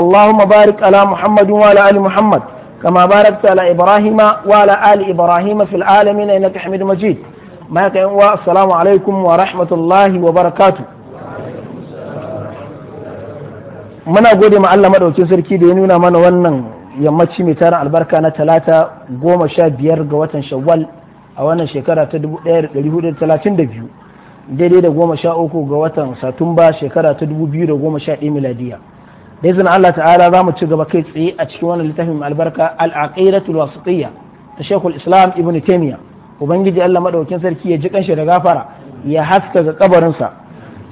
اللهم بارك على محمد وعلى آل محمد كما باركت على إبراهيم وعلى آل إبراهيم في العالمين إنك حميد مجيد ما السلام عليكم ورحمة الله وبركاته muna gode ma Allah madaukin sarki da ya nuna mana wannan yammaci mai tarin albarka na talata goma sha biyar ga watan shawwal a wannan shekara ta biyu daidai da goma sha uku ga watan satumba shekara ta 2011 da izin Allah ta'ala za mu ci gaba kai tsaye a cikin wannan littafin albarka al-aqidatul ta shekul Islam Ibn taymiya ubangiji Allah madaukin sarki ya ji kanshi da gafara ya haska ga kabarin sa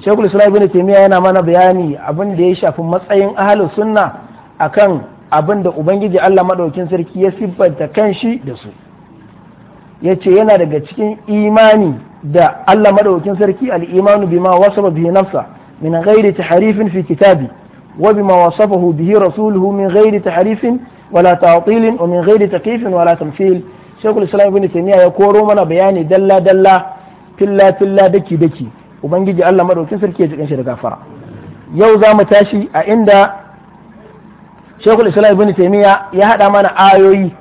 shekul Islam Ibn taymiya yana mana bayani abin da ya shafi matsayin ahlus sunna akan abin da ubangiji Allah madaukin sarki ya siffanta kanshi da su yace yana daga cikin imani da Allah madaukin sarki al-imanu bima wasaba bi nafsa min ghairi tahrifin fi kitabi وبما وصفه به رسوله من غير تحريف ولا تعطيل ومن غير تكييف ولا تمثيل شيخ الاسلام ابن تيميه ya koro mana bayani dalla dalla filla filla daki daki ubangiji Allah madaukin sarki ya jikin shi da gafara yau za mu tashi a inda shekul islam ibn ya haɗa mana ayoyi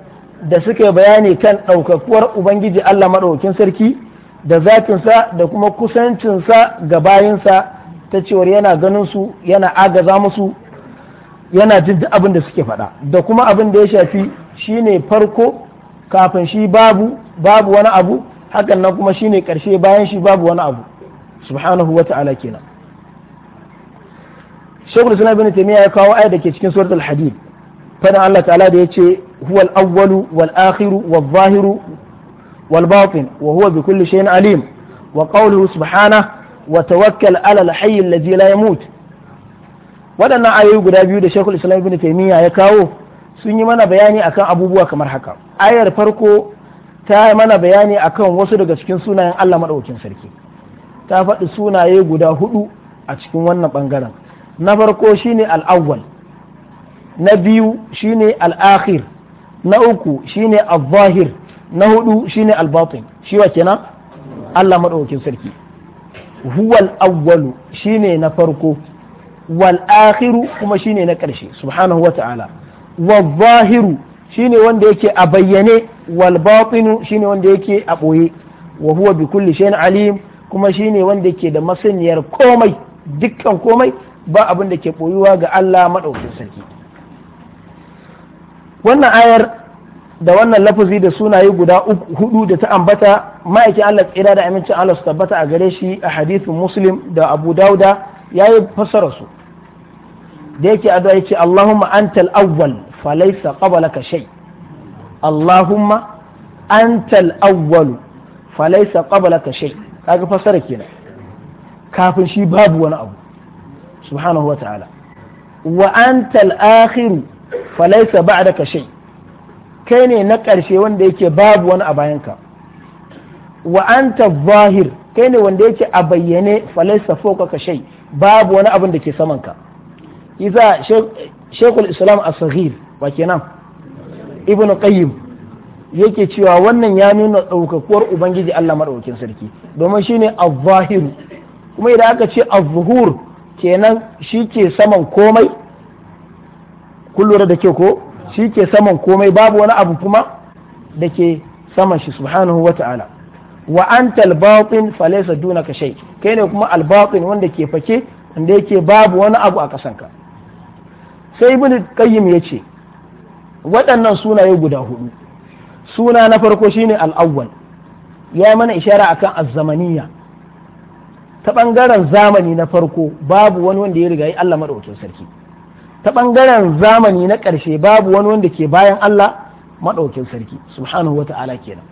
da suke bayani kan ɗaukakuwar ubangiji allah maɗaukin sarki da zatinsa da kuma kusancinsa ga bayinsa ta cewar yana ganin su yana agaza musu yana jin abin da suke faɗa da kuma abin da ya shafi shine farko kafin shi babu babu wani abu hakan nan kuma shine karshe bayan shi babu wani abu subhanahu wa ta'ala kenan shekul islam bin taymiya ya kawo ayat da ke cikin suratul hadid fadan Allah ta'ala da yace huwal awwalu wal akhiru wal zahiru wal batin wa huwa bi kulli shay'in alim wa qawluhu subhanahu wa tawakkal ala al-hayy alladhi la yamut waɗannan ayoyi guda biyu da Sheikhul Islam Ibn ya kawo sun yi mana bayani akan abubuwa kamar haka ayar farko ta mana bayani akan wasu daga cikin sunayen Allah maɗaukin sarki ta faɗi sunaye guda hudu a cikin wannan ɓangaren na farko shine awwal na biyu shine al'akhir na uku shine al-zahir na hudu shine al-batin shi wa kenan Allah maɗaukin sarki huwal awwalu shine na farko wal akhiru kuma shine na ƙarshe subhanahu wa ta'ala wal zahiru shine wanda yake a bayyane wal batinu shine wanda yake a ɓoye wa huwa bi kulli shay'in alim kuma shine wanda yake da masaniyar komai dukkan komai ba abin da ke ɓoyuwa ga Allah maɗaukin sarki wannan ayar da wannan lafazi da sunaye guda hudu da ta ambata ma'aikin Allah tsira da amincin Allah su tabbata a gare shi a hadithin Muslim da Abu Dauda yayi fassara su da yake addu'a yace Allahumma antal awwal falaysa qablaka shay Allahumma antal awwal falaysa qablaka shay kaga fassara kenan kafin shi babu wani abu subhanahu wa ta'ala wa antal akhir falaysa ba'daka shay' kai ne na ƙarshe wanda yake babu wani a bayanka wa anta zahir kai ne wanda yake a bayyane falaisa foka ka shai babu wani abin da ke saman ka Iza shekul islam a sahir wa kenan ibn qayyim yake cewa wannan ya nuna ɗaukakuwar ubangiji allah maɗaukin sarki domin shine a zahir kuma idan aka ce a zuhur kenan shi ke saman komai kun da ke ko shi ke saman komai babu wani abu kuma da ke saman shi subhanahu wa ta'ala wa anta al-batin fa laysa dunaka kai ne kuma al wanda ke fake wanda yake babu wani abu a kasanka sai ibn qayyim yace waɗannan sunaye guda hudu suna na farko shine al-awwal ya mana ishara akan az-zamaniyya ta ɓangaren zamani na farko babu wani wanda ya riga yi Allah madaukakin sarki ta ɓangaren zamani na ƙarshe babu wani wanda ke bayan Allah maɗaukin sarki subhanahu wa ta'ala kenan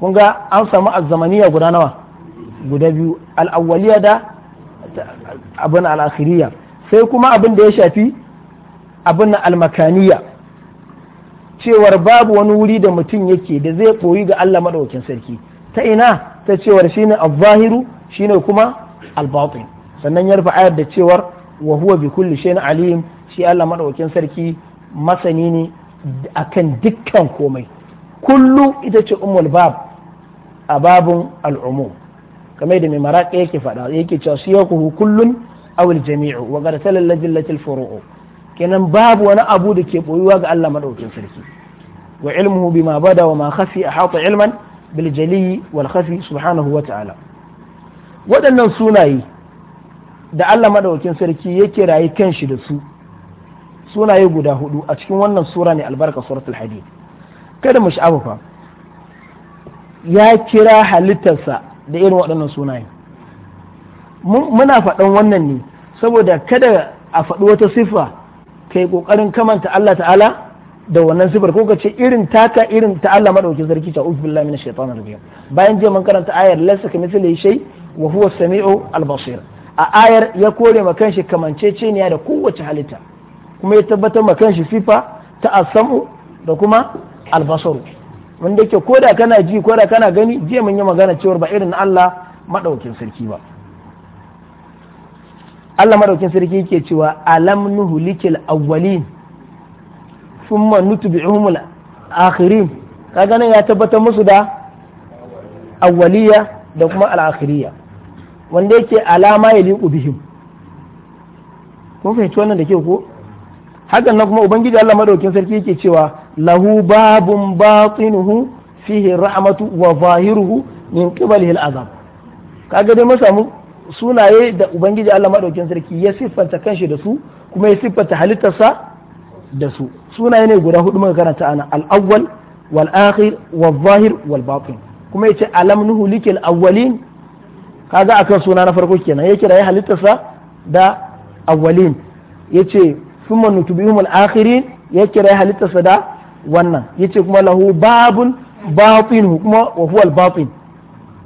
kun ga an samu azzamaniya guda nawa guda biyu al'awwaliya da abin al'akhiriya sai kuma abin da ya shafi abin almakaniya cewar babu wani wuri da mutum yake da zai koyi ga Allah maɗaukin sarki ta ina ta cewar shine al-zahiru shine kuma al-batin sannan ya rufe ayar da cewar wa huwa bi kulli shay'in alim shi Allah madaukakin sarki masani ne akan dukkan komai kullu ita ce ummul bab a babun al'umu kamar da mai maraƙa yake faɗa yake cewa siyakuhu kullun awil jami'u wa gartalar lajillatil furu'u kenan babu wani abu da ke boyuwa ga Allah madaukakin sarki wa ilmuhu ma bada wa ma khafi ahata ilman bil jali wal khafi subhanahu wa ta'ala waɗannan sunaye da Allah madawakin sarki ya kan shi da su sunaye guda hudu a cikin wannan sura ne albarka suratul hadid kada mu sha'afa fa ya kira halittarsa da irin waɗannan sunaye muna faɗan wannan ne saboda kada a faɗi wata siffa kai ƙoƙarin kamanta Allah ta'ala da wannan sifar ko kace irin taka irin ta Allah madawakin sarki ta ubi billahi minash shaitanir rajim bayan je mun karanta ayar laysa kamithlihi shay wa huwa as-sami'u al-basir a ayar ya kore ma kanshi kamanceceniya da kowace halitta kuma ya tabbatar ma kanshi sifa ta asamu da kuma albasaru wanda ke ko da kana ji ko da kana gani jiya mun yi magana cewar ba irin Allah madaukin sarki ba Allah madaukin sarki yake cewa alam nuhlikil awwalin thumma nutbi'uhum al-akhirin kaga nan ya tabbatar musu da awwaliya da kuma al akhiriyah wanda yake alama ya liƙu bihim kun fahimci wannan da ke ko hakan nan kuma ubangiji Allah madaukin sarki yake cewa lahu babun batinuhu fihi rahmatu wa zahiruhu min qibalihi al'azab kaga dai masa mu sunaye da ubangiji Allah madaukin sarki ya siffanta kanshi da su kuma ya siffanta halittarsa da su sunaye ne guda hudu muka karanta ana al-awwal wal akhir wal zahir wal batin kuma yace alam nuhlikil awwalin Ka kaga akan suna na farko kenan ya kira ya sa da awwalin yace thumma al akhirin ya kira ya sa da wannan yace kuma lahu babun batinuhu kuma wa huwa al-batin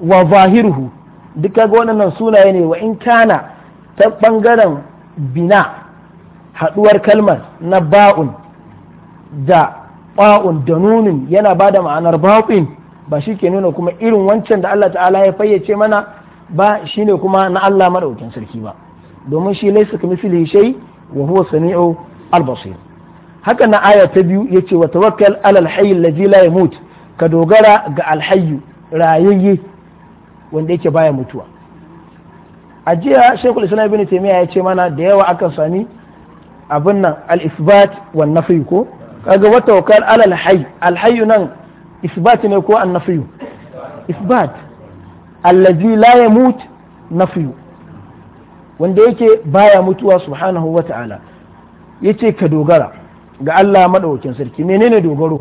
wa zahiruhu duka ga waɗannan sunaye ne wa in kana ta bangaren bina haɗuwar kalmar na ba'un da ba'un da nunin yana bada ma'anar ba'un ba shi ke nuna kuma irin wancan da Allah ta'ala ya fayyace mana ba shine kuma na Allah madaukin sarki ba domin shi ka kamithlihi shay wa huwa samiu al-basir haka na aya ta biyu yace wa tawakkal alal hayy alladhi la yamut ka dogara ga al-hayy rayayye wanda yake baya mutuwa a jiya shekul islam ibn taymiya ya ce mana da yawa akan sami abin nan al-isbat wa nafi ko kaga wa tawakkal alal hayy al nan isbat ne ko an nafiyu isbat allazi la yamut nafiyu wanda yake baya mutuwa subhanahu wata'ala yace ka dogara ga Allah maɗaukin sarki menene dogaro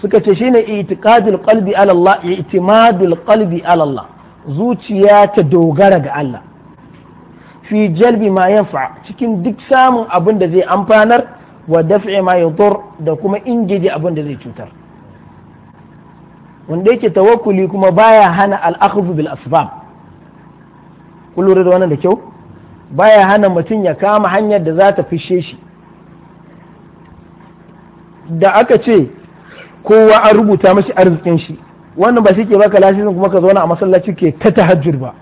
suka ce shine itiqadul qalbi ala Allah itimadul qalbi ala Allah zuciya ta dogara ga Allah fi jalbi ma yanfa cikin duk samun abin da zai amfanar wa daf'i ma yadur da kuma ingeji abin da zai cutar wanda yake tawakuli kuma baya hana al'akhdhu bil asbab kun lura da wannan da kyau baya hana mutum ya kama hanyar da za ta fishe shi da aka ce kowa an rubuta mashi arzikin shi wannan ba shi ke baka lasisin kuma ka zauna a masallaci ke ta tahajjur ba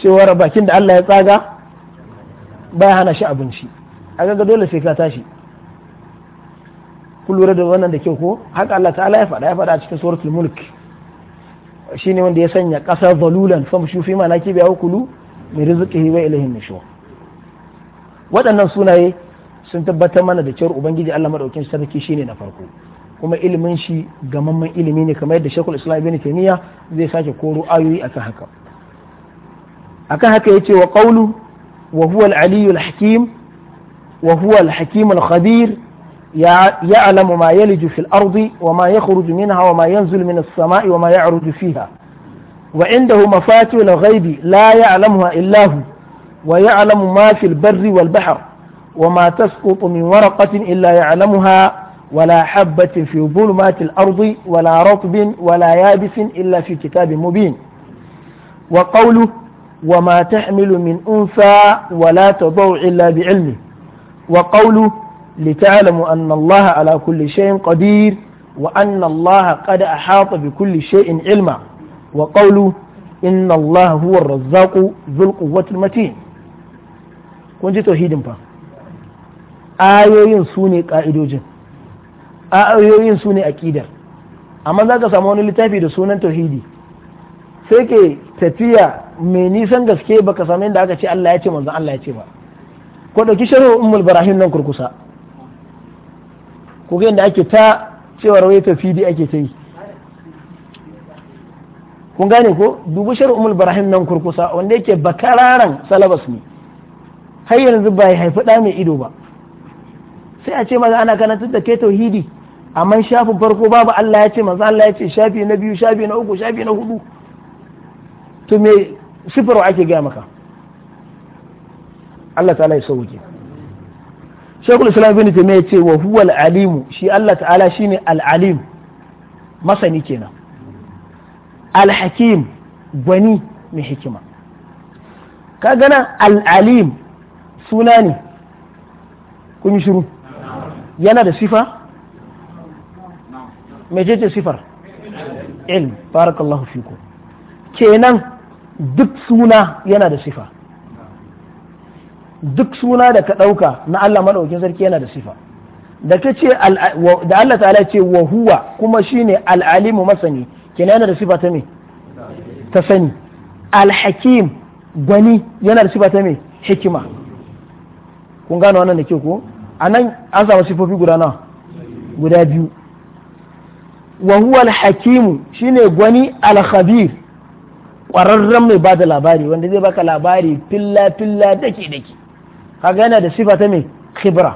cewa bakin da Allah ya tsaga baya hana shi abinci a ga dole sai ka tashi Ku lura da wannan da kyau ko haka Allah ta'ala ya faɗa ya faɗa a cikin suratul mulk shine wanda ya sanya ƙasa zalulan famshu fi manakibi biya kulu mai rizqihi wa ilahin nushur waɗannan sunaye sun tabbatar mana da cewar ubangiji Allah madaukin sarki shine na farko kuma ilimin shi gamamman ilimi ne kamar yadda Sheikhul Islam Ibn Taymiyyah zai sake koro ayoyi akan haka akan haka yace wa qawlu wa huwa al-aliyyu hakim wa huwa al-hakim khabir يعلم ما يلج في الأرض وما يخرج منها وما ينزل من السماء وما يعرج فيها وعنده مفاتيح الغيب لا يعلمها إلا هو ويعلم ما في البر والبحر وما تسقط من ورقة إلا يعلمها ولا حبة في ظلمات الأرض ولا رطب ولا يابس إلا في كتاب مبين وقوله وما تحمل من أنثى ولا تضع إلا بعلمه وقوله لتعلموا أن الله على كل شيء قدير وأن الله قد أحاط بكل شيء علما وقوله إن الله هو الرزاق ذو القوة المتين kun ji tauhidin fa ayoyin ne ka'idojin ayoyin su ne aƙidar amma za ka samu wani littafi da sunan tauhidi sai ke tafiya mai nisan gaske baka samu inda aka ce Allah ya ce manzon Allah ya ce ba ko ɗauki sharhu ummul barahim nan kurkusa ku ga yadda ake ta cewar wai fidi ake ta yi kun gane ko dubu umul barahim nan kurkusa wanda yake bakararan salabas ne har yanzu ba haifi ɗa mai ido ba sai a ce maza ana karantar da kai tauhidi amma shafin farko babu Allah ya ce maza Allah ya ce shafi na biyu shafi na uku shafi na hudu to me sifar ake gaya maka Allah ta ya sauke shekul islam bin taimiyya ce wa huwa al'alimu shi Allah ta'ala shine al'alim masani kenan al-hakim gwani mai hikima ka gana al'alim suna ne kun yi shiru yana da sifa mejeje sifar ilm barakallahu fiku kenan duk suna yana da sifa duk suna da ka ɗauka na Allah maɗaukin sarki yana da sifa da ka ce da Allah ta'ala ce wa huwa kuma shine al'alimu masani kenan yana da sifa ta me ta sani al gwani yana da sifa ta me hikima kun gano wannan da ke ko anan an samu sifofi guda nawa guda biyu wa huwa al-hakimu shine gwani al ƙwararren mai ba da labari wanda zai baka labari filla filla dake dake kaga yana da sifa ta mai khibra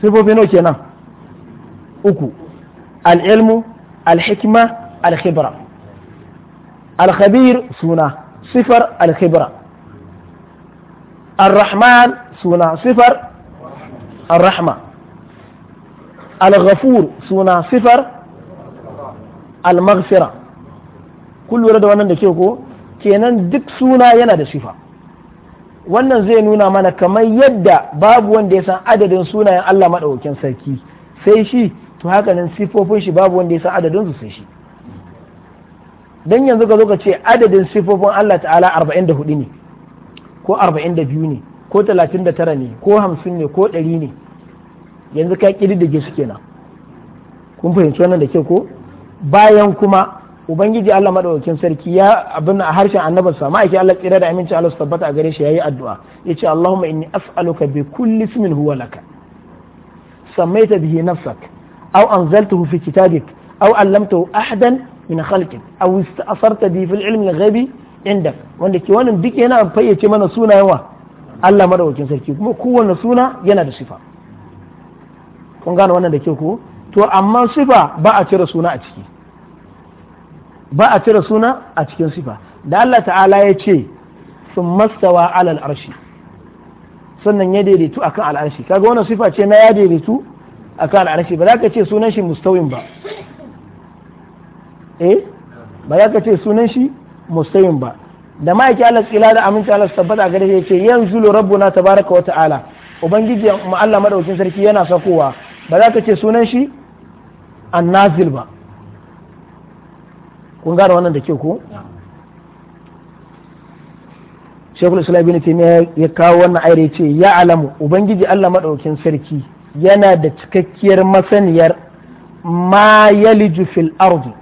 sifofi nawa kenan uku al-ilmu al-hikma al-khibra al-khabir suna sifar al-khibra suna سنة صفر الرحمة da سنة da ke ko kenan duk suna yana da sifa wannan zai nuna mana kamar yadda babu wanda ya san adadin sunayen Allah maɗaukin sarki sai shi to haka nan sifofin shi babu wanda ya san adadin su sai shi dan yanzu ka zo ka ce adadin sifofin Allah ta'ala 44 ne ko 42 ne ko 39 ne ko 50 ne ko 100 ne yanzu ka kididdige su kenan kun fahimci wannan da ke ko bayan kuma ubangiji Allah madaukakin sarki ya abin a harshen annabinsa ma'aiki Allah tsira da aminci Allah su tabbata a gare shi yayi addu'a yace Allahumma inni as'aluka bi kulli ismin huwa laka sammaita bihi nafsak aw anzaltahu fi kitabik aw allamtahu ahadan min khalqik aw ista'sarta bi fil ilmi al-ghaibi indak wanda ke wannan duk yana fayyace mana suna yawa? Allah madaukakin sarki kuma kowanne suna yana da sifa kun gane wannan da ke ko to amma sifa ba a cire suna a ciki ba a cire suna a cikin sifa da Allah ta'ala ya ce sun mastawa alal arshi sannan ya daidaitu akan al'arshi kaga wannan sifa ce na ya daidaitu akan al'arshi ba za ka ce sunan shi mustawin ba eh ba za ka ce sunan shi mustawin ba da ma'aiki Allah tsila da aminci Allah tabbata gare shi yace yanzu lo rabbuna tabaraka wa ta'ala ubangiji mu Allah madaukin sarki yana sakowa ba za ka ce sunan shi annazil ba kun gane wannan da ke ko shekul islam bin taimiyya ya kawo wannan aire ya ce ya alamu ubangiji allah maɗaukin sarki yana da cikakkiyar masaniyar ma yaliju fil ardi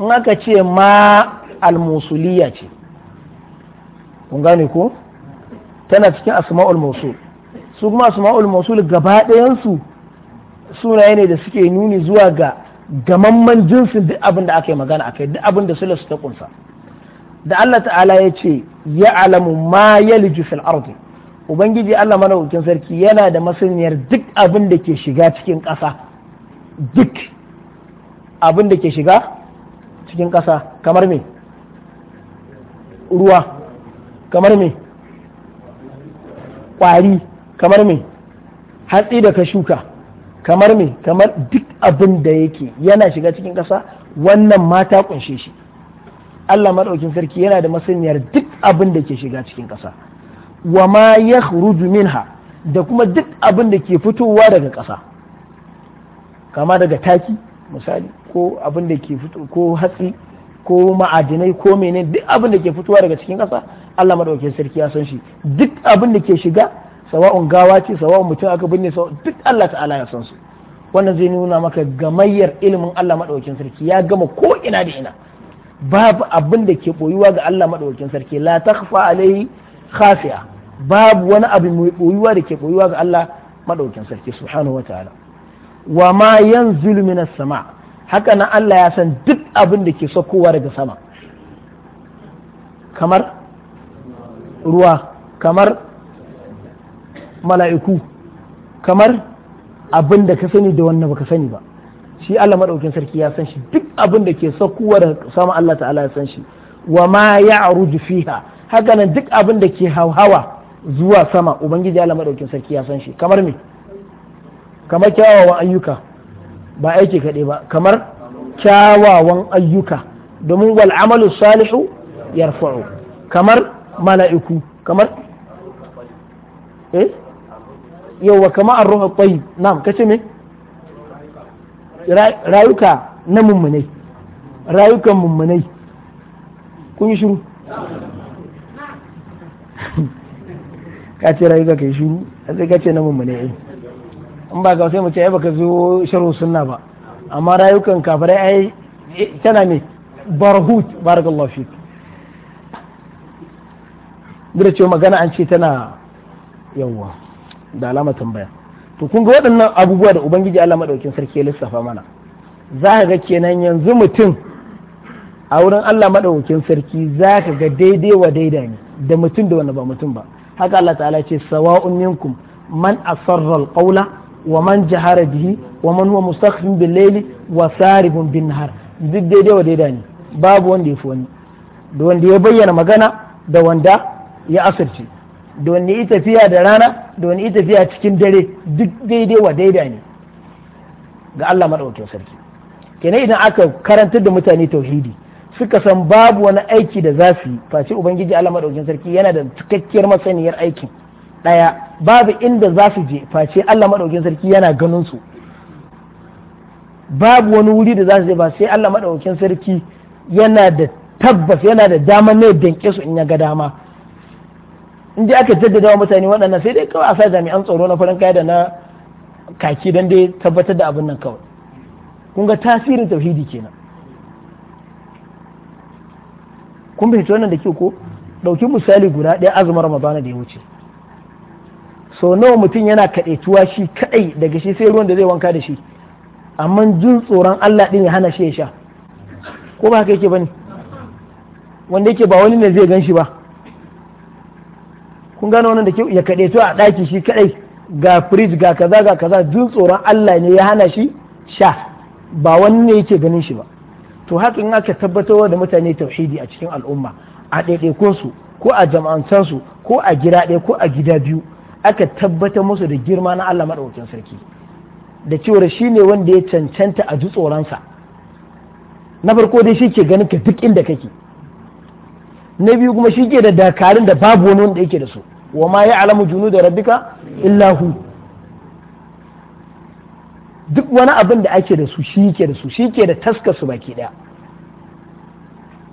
in aka ce ma almusuliya ce kun gane ko tana cikin asma'ul musul su kuma asma'ul musul gaba ɗayansu sunaye ne da suke nuni zuwa ga gamamman jinsin duk abin da aka yi magana akai duk abin da sulasu ta kunsa da Allah ta'ala ya ce ya alamu ma yaliju fil ardi ubangiji Allah madaukakin sarki yana da masaniyar duk abin da ke shiga cikin ƙasa duk abin da ke shiga cikin ƙasa kamar me ruwa kamar me ƙwari kamar me hatsi da ka shuka kamar me kamar duk abin da yake yana shiga cikin ƙasa wannan mata kunshe shi Allah maɗaukin sarki yana da masaniyar duk abin da ke shiga cikin ƙasa wa ma yakhruju minha da kuma duk abin da ke fitowa daga ƙasa kama daga taki misali ko abin da ke fito ko hatsi ko ma'adinai ko menene duk abin da ke fitowa daga cikin ƙasa Allah maɗaukin sarki ya san shi duk abin da ke shiga sawa'un gawa ce sawa'un mutum aka binne duk Allah ta'ala ya san su wannan zai nuna maka gamayyar ilimin Allah madaukakin sarki ya gama ko ina da ina babu abin da ke boyuwa ga Allah madaukakin sarki la takhfa alai khafiya babu wani abu mai boyuwa da ke boyuwa ga Allah madaukakin sarki subhanahu wataala wa ma yanzilu minas sama haka nan Allah ya san duk abin da ke saukowa daga sama kamar ruwa kamar mala'iku kamar abin da ka sani da wannan baka sani ba shi Allah madaukin sarki ya san shi duk abin da ke saukowa da sama Allah ta'ala ya san shi wa ma ya'ruju fiha haka nan duk abin da ke hauhawa zuwa sama ubangiji Allah madaukin sarki ya san shi kamar me kamar kyawawan ayyuka ba aiki kaɗai ba kamar kyawawan ayyuka domin wal amalu salihu yarfa'u kamar mala'iku kamar eh Yauwa kama an ruhu tsayi na kace me rayuka na mummunai rayukan mummunai kun yi shiru ka ce rayuka kai shiru a sai ka ce na mummunai in ba ka sai mu ce ai baka zo sharhu sunna ba amma rayukan kafirai ai eh, tana ne barhut barakallahu fik duk da cewa magana an ce tana yawwa da alama tambaya to kun ga waɗannan abubuwa da ubangiji Allah madaukin sarki ya lissafa mana za ka ga kenan yanzu mutum a wurin Allah madaukin sarki za ka ga daidai wa daida ne da mutum da wanda ba mutum ba haka Allah ta'ala ce sawa'un minkum man asarra alqawla wa man jahara bihi wa man huwa mustakhfin bil layli wa saribun bin nahar duk daidai wa daida ne babu wanda ya fi wani da wanda ya bayyana magana da wanda ya asirce Don yi tafiya da rana don yi tafiya cikin dare duk daidai wa daida ne ga Allah maɗaukin sarki kenan idan aka karantar da mutane tauhidi suka san babu wani aiki da za su yi face ubangiji Allah maɗaukin sarki yana da cikakkiyar masaniyar aikin ɗaya babu inda za su je face Allah maɗaukin sarki yana ganin su babu wani wuri da za su je ba sai Allah maɗaukin sarki yana da tabbas yana da dama ne danke su in ya ga dama in dai aka jaddada wa mutane waɗannan sai dai kawai a sa jami'an tsaro na farin kaya da na kaki don dai tabbatar da abin nan kawai kun ga tasirin tauhidi kenan kun fahimci wannan da ke ko ɗauki misali guda ɗaya azumin ramadana da ya wuce so nawa mutum yana kaɗaituwa shi kaɗai daga shi sai ruwan da zai wanka da shi amma jin tsoron Allah ɗin ya hana shi ya sha ko ba haka yake ba bane wanda yake ba wani ne zai gan shi ba kun gane wannan da kyau ya kaɗe a ɗaki shi kaɗai ga firij ga kaza ga kaza duk tsoron Allah ne ya hana shi sha ba wani ne yake ganin shi ba to haka in aka tabbatar da mutane tauhidi a cikin al'umma a ɗaiɗaikunsu ko a jama'antansu ko a gida ɗaya ko a gida biyu aka tabbatar musu da girma na Allah madaukakin sarki da cewar shi ne wanda ya cancanta a ji tsoronsa na farko dai shi ke ganin ka duk inda kake na biyu kuma shi ke da dakarun da babu wani wanda yake da su wa ma ya alamu junu da rabbika illa hu duk wani abin da ake da su shi ke da su shi ke da taska su baki daya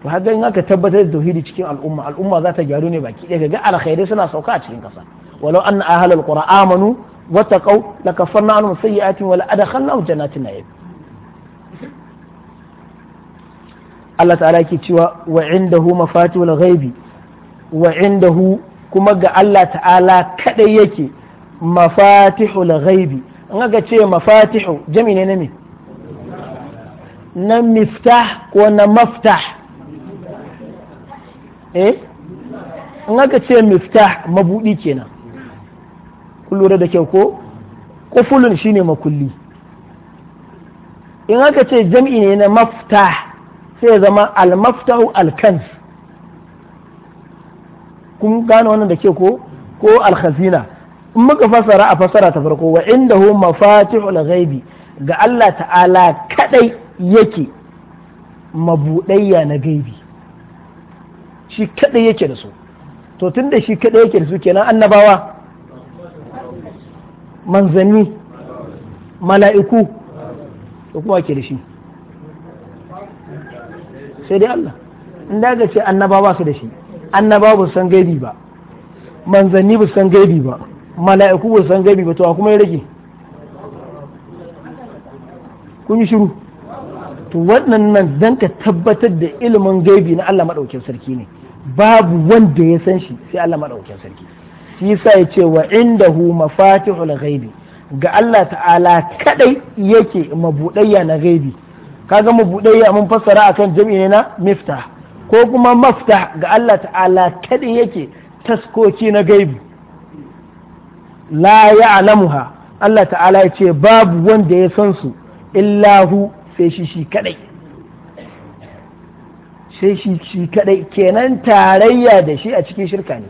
to haka in aka tabbatar da tauhidi cikin al'umma al'umma za ta gyaru ne baki daya ga alkhairai suna sauka a cikin kasa walau anna ahlal qura amanu wa taqaw lakafarna anhum sayyi'atin wa la adkhalnahum jannatin na'im Allah ta'ala ke cewa wa indahu mafatihul ghaibi wa indahu kuma ga Allah ta'ala kadai yake mafatihul ghaibi an ga ce mafatihu jami ne na me na miftah ko na maftah eh an ga ce miftah mabudi kenan ku lura da kyau ko kufulun shine makulli in aka ce jam'i ne na maftah sai zama almaftahu alkans kun gane wannan da ke ko ko alkhazina in muka fasara a fasara ta farko wa indahu mafatihul ghaibi ga Allah ta'ala kadai yake mabudayya na gaibi shi kadai yake da su to tunda shi kadai yake da su kenan annabawa manzanni mala'iku da kuma ke da shi sai dai Allah in daga ce annabawa su da shi annaba ba san gaibi ba manzanni ba san gaibi ba mala'iku ba san gaibi ba to kuma ya rage kun yi shiru to wannan nan dan ka tabbatar da ilimin gaibi na Allah madaukakin sarki ne babu wanda ya san shi sai Allah madaukakin sarki shi yasa ya ce wa indahu mafatihul ghaibi ga Allah ta'ala kadai yake mabudayya na gaibi kaga mu buɗe mun fassara akan jami'i ne na miftah ko kuma maftah ga Allah ta'ala kada yake taskoki na gaibi la ya'lamuha Allah ta'ala ya ce babu wanda ya san su illahu sai shi shi kadai sai shi shi kadai kenan tarayya da shi a cikin shirka ne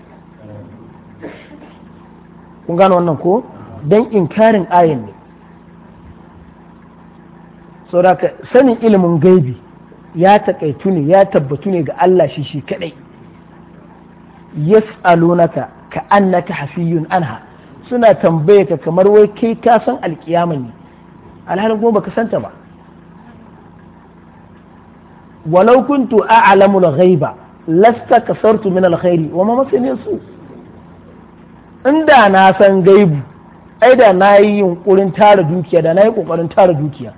kun gano wannan ko don inkarin ayin ne saboda sanin ilimin gaibi ya taƙaitu ne ya tabbatu ne ga Allah shi shi kaɗai yas'alunaka ka annaka hafiyun anha suna tambaye ka kamar wai kai ka san alkiyama ne alhalin kuma baka santa ba walau kuntu a'lamu al-ghaiba lasta kasartu min al-khairi wa ma masani su inda na san gaibu ai da na yi yunkurin tara dukiya da na yi kokarin tara dukiya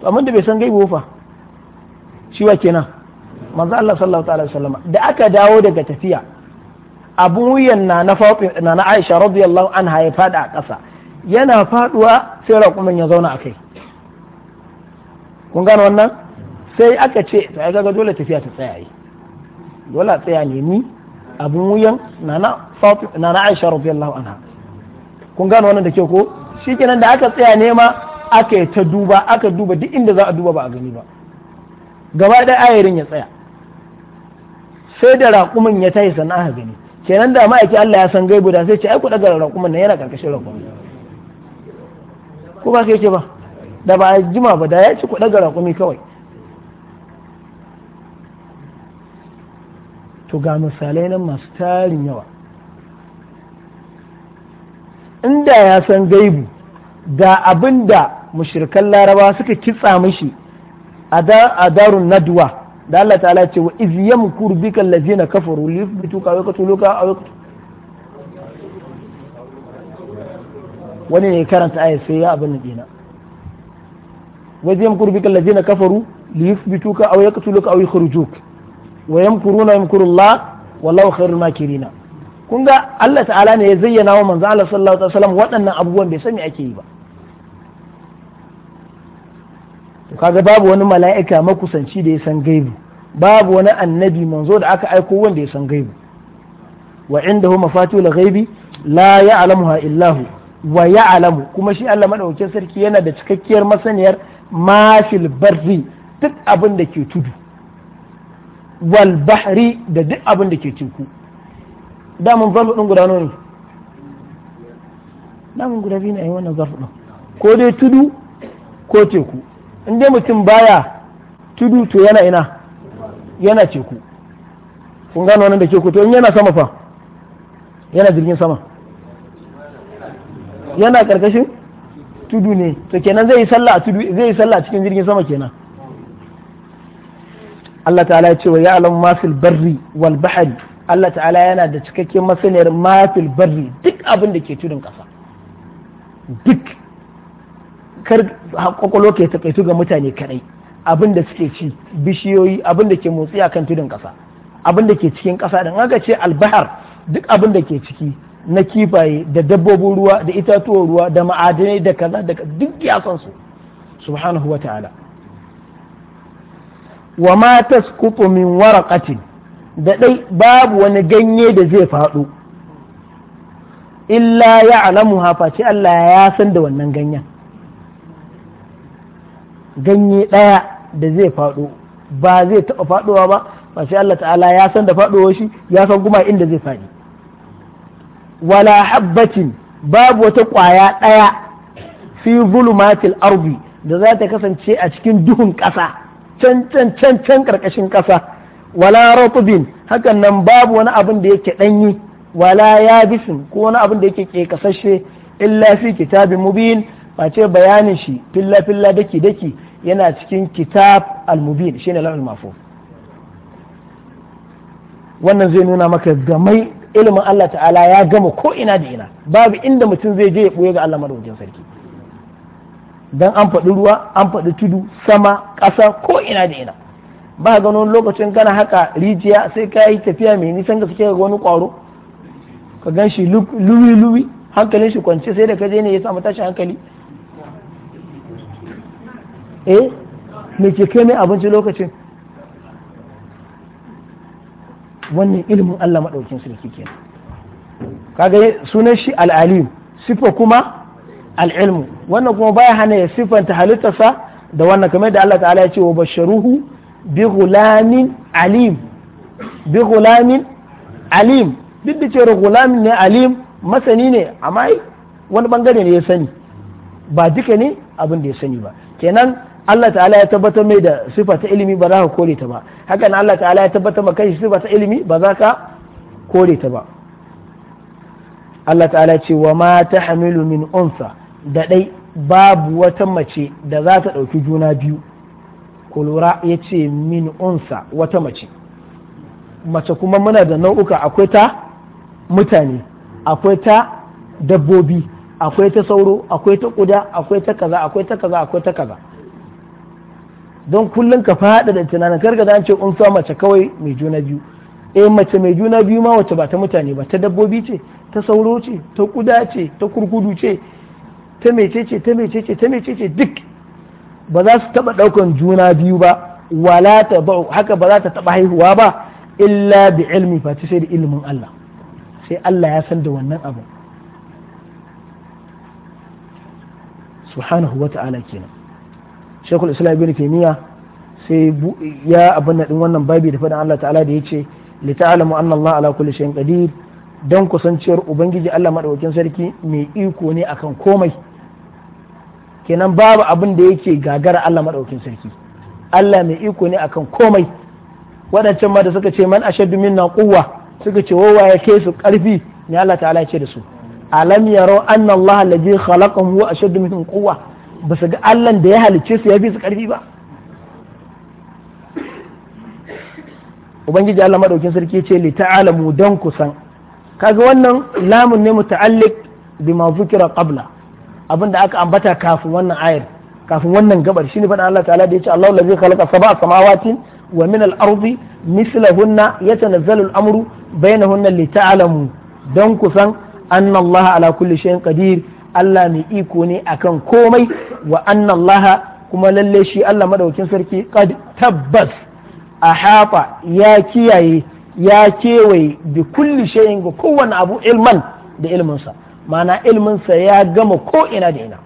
to amma da bai san gaibu fa shi wa kenan manzo Allah sallallahu alaihi wasallam da aka dawo daga tafiya abun wuyan na na na na Aisha radiyallahu anha ya fada a ƙasa yana faduwa sai raƙumin ya zauna a kai kun gane wannan sai aka ce to ai ga dole tafiya ta tsaya yi dole tsaya ne ni abun wuyan na na Aisha radiyallahu anha kun gane wannan da ke ko shikenan da aka tsaya nema aka yi ta duba aka duba duk inda za a duba ba a gani ba gaba ɗaya ayarin ya tsaya sai da raƙumin ya tayi sannan aka gani kenan da ma'aiki Allah ya san gaibu da sai ce ai ku daga raƙumin nan yana karkashin raƙumin ko ba sai ce ba da ba a jima ba da ya ci ku daga raƙumi kawai to ga misalai nan masu tarin yawa inda ya san gaibu da abin da mushrikan laraba suka kitsa mishi a darun naduwa da Allah ta'ala ce wa iz yamkuru bika allazina kafaru li yuthbituka aw yaqtuluka aw wani ne karanta aya sai ya abin dina wa iz yamkuru bika allazina kafaru li yuthbituka aw yaqtuluka aw yukhrijuk wa yamkuruna yamkuru Allah wallahu khairul makirin kun ga Allah ta'ala ne ya zayyana wa manzo Allah sallallahu alaihi wasallam waɗannan abubuwan bai sani ake yi ba kaga babu wani mala'ika makusanci da ya san gaibu babu wani annabi manzo da aka aiko wanda ya san gaibu wa indahu mafatihul ghaibi la ya'lamuha illa hu wa ya'lamu kuma shi Allah madaukakin sarki yana da cikakkiyar masaniyar ma fil barri duk abin da ke tudu wal bahri da duk abin da ke tinku da mun zalu din guda ne da mun guda biyu ne wannan zarfu ko dai tudu ko teku in dai mutum baya tudu to yana ina yana teku kun gano wannan da ke to in yana sama fa yana jirgin sama yana karkashin tudu ne to kenan zai yi sallah a tudu zai yi sallah cikin jirgin sama kenan Allah ta'ala ya ce wa ya'lamu ma fil barri wal bahri Allah ta'ala yana da cikakken masaniyar ma fil barri duk abin da ke tudun kasa duk kar kwakwalo ke takaitu ga mutane kaɗai abin da suke ci bishiyoyi abin da ke motsi a kan tudun ƙasa abin da ke cikin ƙasa da aka ce albahar duk abin da ke ciki na kifaye da dabbobin ruwa da itatuwan ruwa da ma'adanai da kaza da duk ya san su subhanahu wa ta'ala wa ma tasqutu min waraqatin da dai babu wani ganye da zai faɗo illa hafa ce Allah ya san da wannan ganyen ganye ɗaya da zai faɗo ba zai taɓa faɗowa ba ba sai Allah ta'ala ya san da faɗowar shi ya san kuma inda zai faɗi wala habbatin babu wata ƙwaya ɗaya fi zulumatil ardi da za ta kasance a cikin duhun ƙasa can can can can ƙarƙashin ƙasa wala rutubin hakan nan babu wani abin da yake ɗanyi wala yabisin ko wani abin da yake ƙeƙasashe illa fi kitabin mubin ce bayanin shi filla filla daki daki yana cikin kitab al-mubin ne lawal mafu wannan zai nuna maka gamai ilimin Allah ta'ala ya gama ko ina da ina babu inda mutum zai je ya ɓoye ga Allah madaukakin sarki dan an faɗi ruwa an faɗi tudu sama ƙasa ko ina da ina ba gano lokacin kana haka rijiya sai ka yi tafiya mai nisan gaske ga wani ƙwaro ka gan shi luwi luwi hankalin shi kwance sai da ka je ne ya samu tashin hankali eh me ke kai mai abinci lokacin wannan ilimin Allah maɗaukin da kenan kaga sunan shi al'alim sifa kuma al'ilmu wannan kuma baya hana ya siffanta halittarsa da wannan kamar da Allah ta'ala ya ce wa basharuhu bi gulamin alim bi gulamin alim duk da cewa gulamin ne alim masani ne amma wani bangare ne ya sani ba duka ne abin da ya sani ba kenan Allah ta'ala ya tabbatar mai da sifa ta ilimi ba za ka kore ta ba hakan Allah ta'ala ya tabbatar maka shi sifa ta ilimi ba za ka kore ta ba Allah ta'ala ce wa ma ta hamilu min unsa da dai babu wata mace da za ta ɗauki juna biyu kulura ya ce min unsa wata mace mace kuma muna da nau'uka akwai ta mutane akwai ta dabbobi akwai ta sauro akwai ta kuda akwai ta kaza akwai ta kaza akwai ta kaza don kullum ka faɗa da tunanin kar da an ce unsa mace kawai mai juna biyu eh mace mai juna biyu ma wace ba ta mutane ba ta dabbobi ce ta sauro ce ta kuda ce ta kurkudu ce ta mecece ta mecece ta mecece duk ba za su taba daukan juna biyu ba wala ta ba haka ba za ta taba haihuwa ba illa bi ilmi fa sai da ilimin Allah sai Allah ya san da wannan abu subhanahu wa ta'ala kenan shekul islam ibn kimiyya sai ya abin naɗin wannan babi da faɗin Allah ta'ala da ya ce ta'lamu anna Allah ala kulli shay'in qadir dan kusanciyar ubangiji Allah madaukakin sarki mai iko ne akan komai kenan babu abin da yake gagara Allah madaukakin sarki Allah mai iko ne akan komai waɗancan ma da suka ce man ashaddu minna quwwa suka ce wawa ya ke su karfi ne Allah ta'ala ya ce da su alam yaro anna Allah alladhi khalaqahum huwa ashaddu minhum quwwa ba su ga allan da ya halicce su ya fi su karfi ba ubangiji allah maɗaukin sarki ce li ta'alamu don kusan kaga wannan lamun ne muta'alliq bima zukira qabla abinda aka ambata kafin wannan ayar kafin wannan gabar shine faɗin Allah ta'ala da yace Allahu allazi khalaqa sab'a samawati wa min al-ardi mislahunna yatanazzalu al-amru bainahunna li ta'lamu don kusan anna Allah ala kulli shay'in qadir Allah mai iko ne akan komai wa laha kuma lalle shi Allah madaukin sarki qad tabbas a hafa ya kiyaye ya kewaye da kulli shay'in ga kowane abu ilman da ilminsa mana ilminsa ya gama ko ina da ina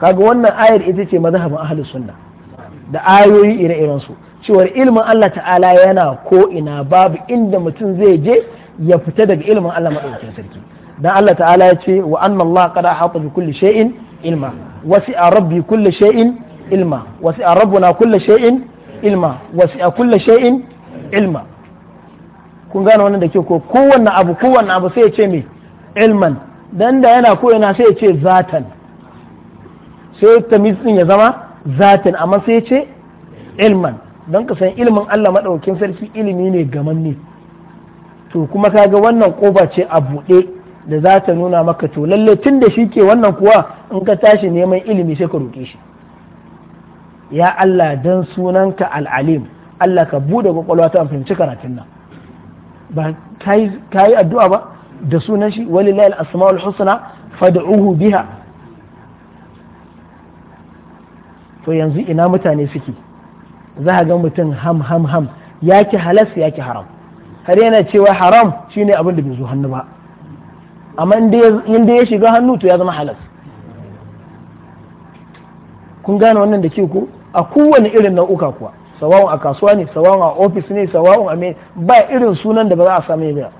kaga wannan ayar ita ce mazhabin ahlus sunna da ayoyi ire-iren su cewar ilmin Allah ta'ala yana ko ina babu inda mutum zai je ya fita daga ilmin Allah maɗaukin sarki dan Allah ta'ala ya ce wa anna Allah qad ahata bi kulli shay'in ilma wasi'a rabbi kulli shay'in ilma wasi'a rabbuna kulli shay'in ilma wasi'a kulli shay'in ilma kun gane wannan da ke ko kowanne abu kowanne abu sai ya ce me ilman dan da yana ko yana sai ya ce zatan sai ta din ya zama zatin amma sai ya ce ilman don ka san ilmin Allah maɗaukin sarki ilimi ne gamanni to kuma kaga wannan ƙofa ce a buɗe da za ta nuna maka to lalle tun da shi ke wannan kuwa in ka tashi neman ilimi sai ka roƙe shi ya Allah dan sunanka al'alim Allah ka buɗe kwakwalwa ta fahimci karatun nan ba ka yi addu'a ba da sunan shi walillahi al-asma'ul husna fad'uhu biha to yanzu ina mutane suke za ga mutum ham ham ham yake halas yake haram har yana cewa haram shine abin da bai zo hannu ba amma inda ya shiga hannu to ya zama halas kun gane wannan da ke ku a kowane irin nau'uka kuwa sawa'un a kasuwa ne sawa'un a ofis ne sawa'un a mai ba irin sunan da ba za a same ba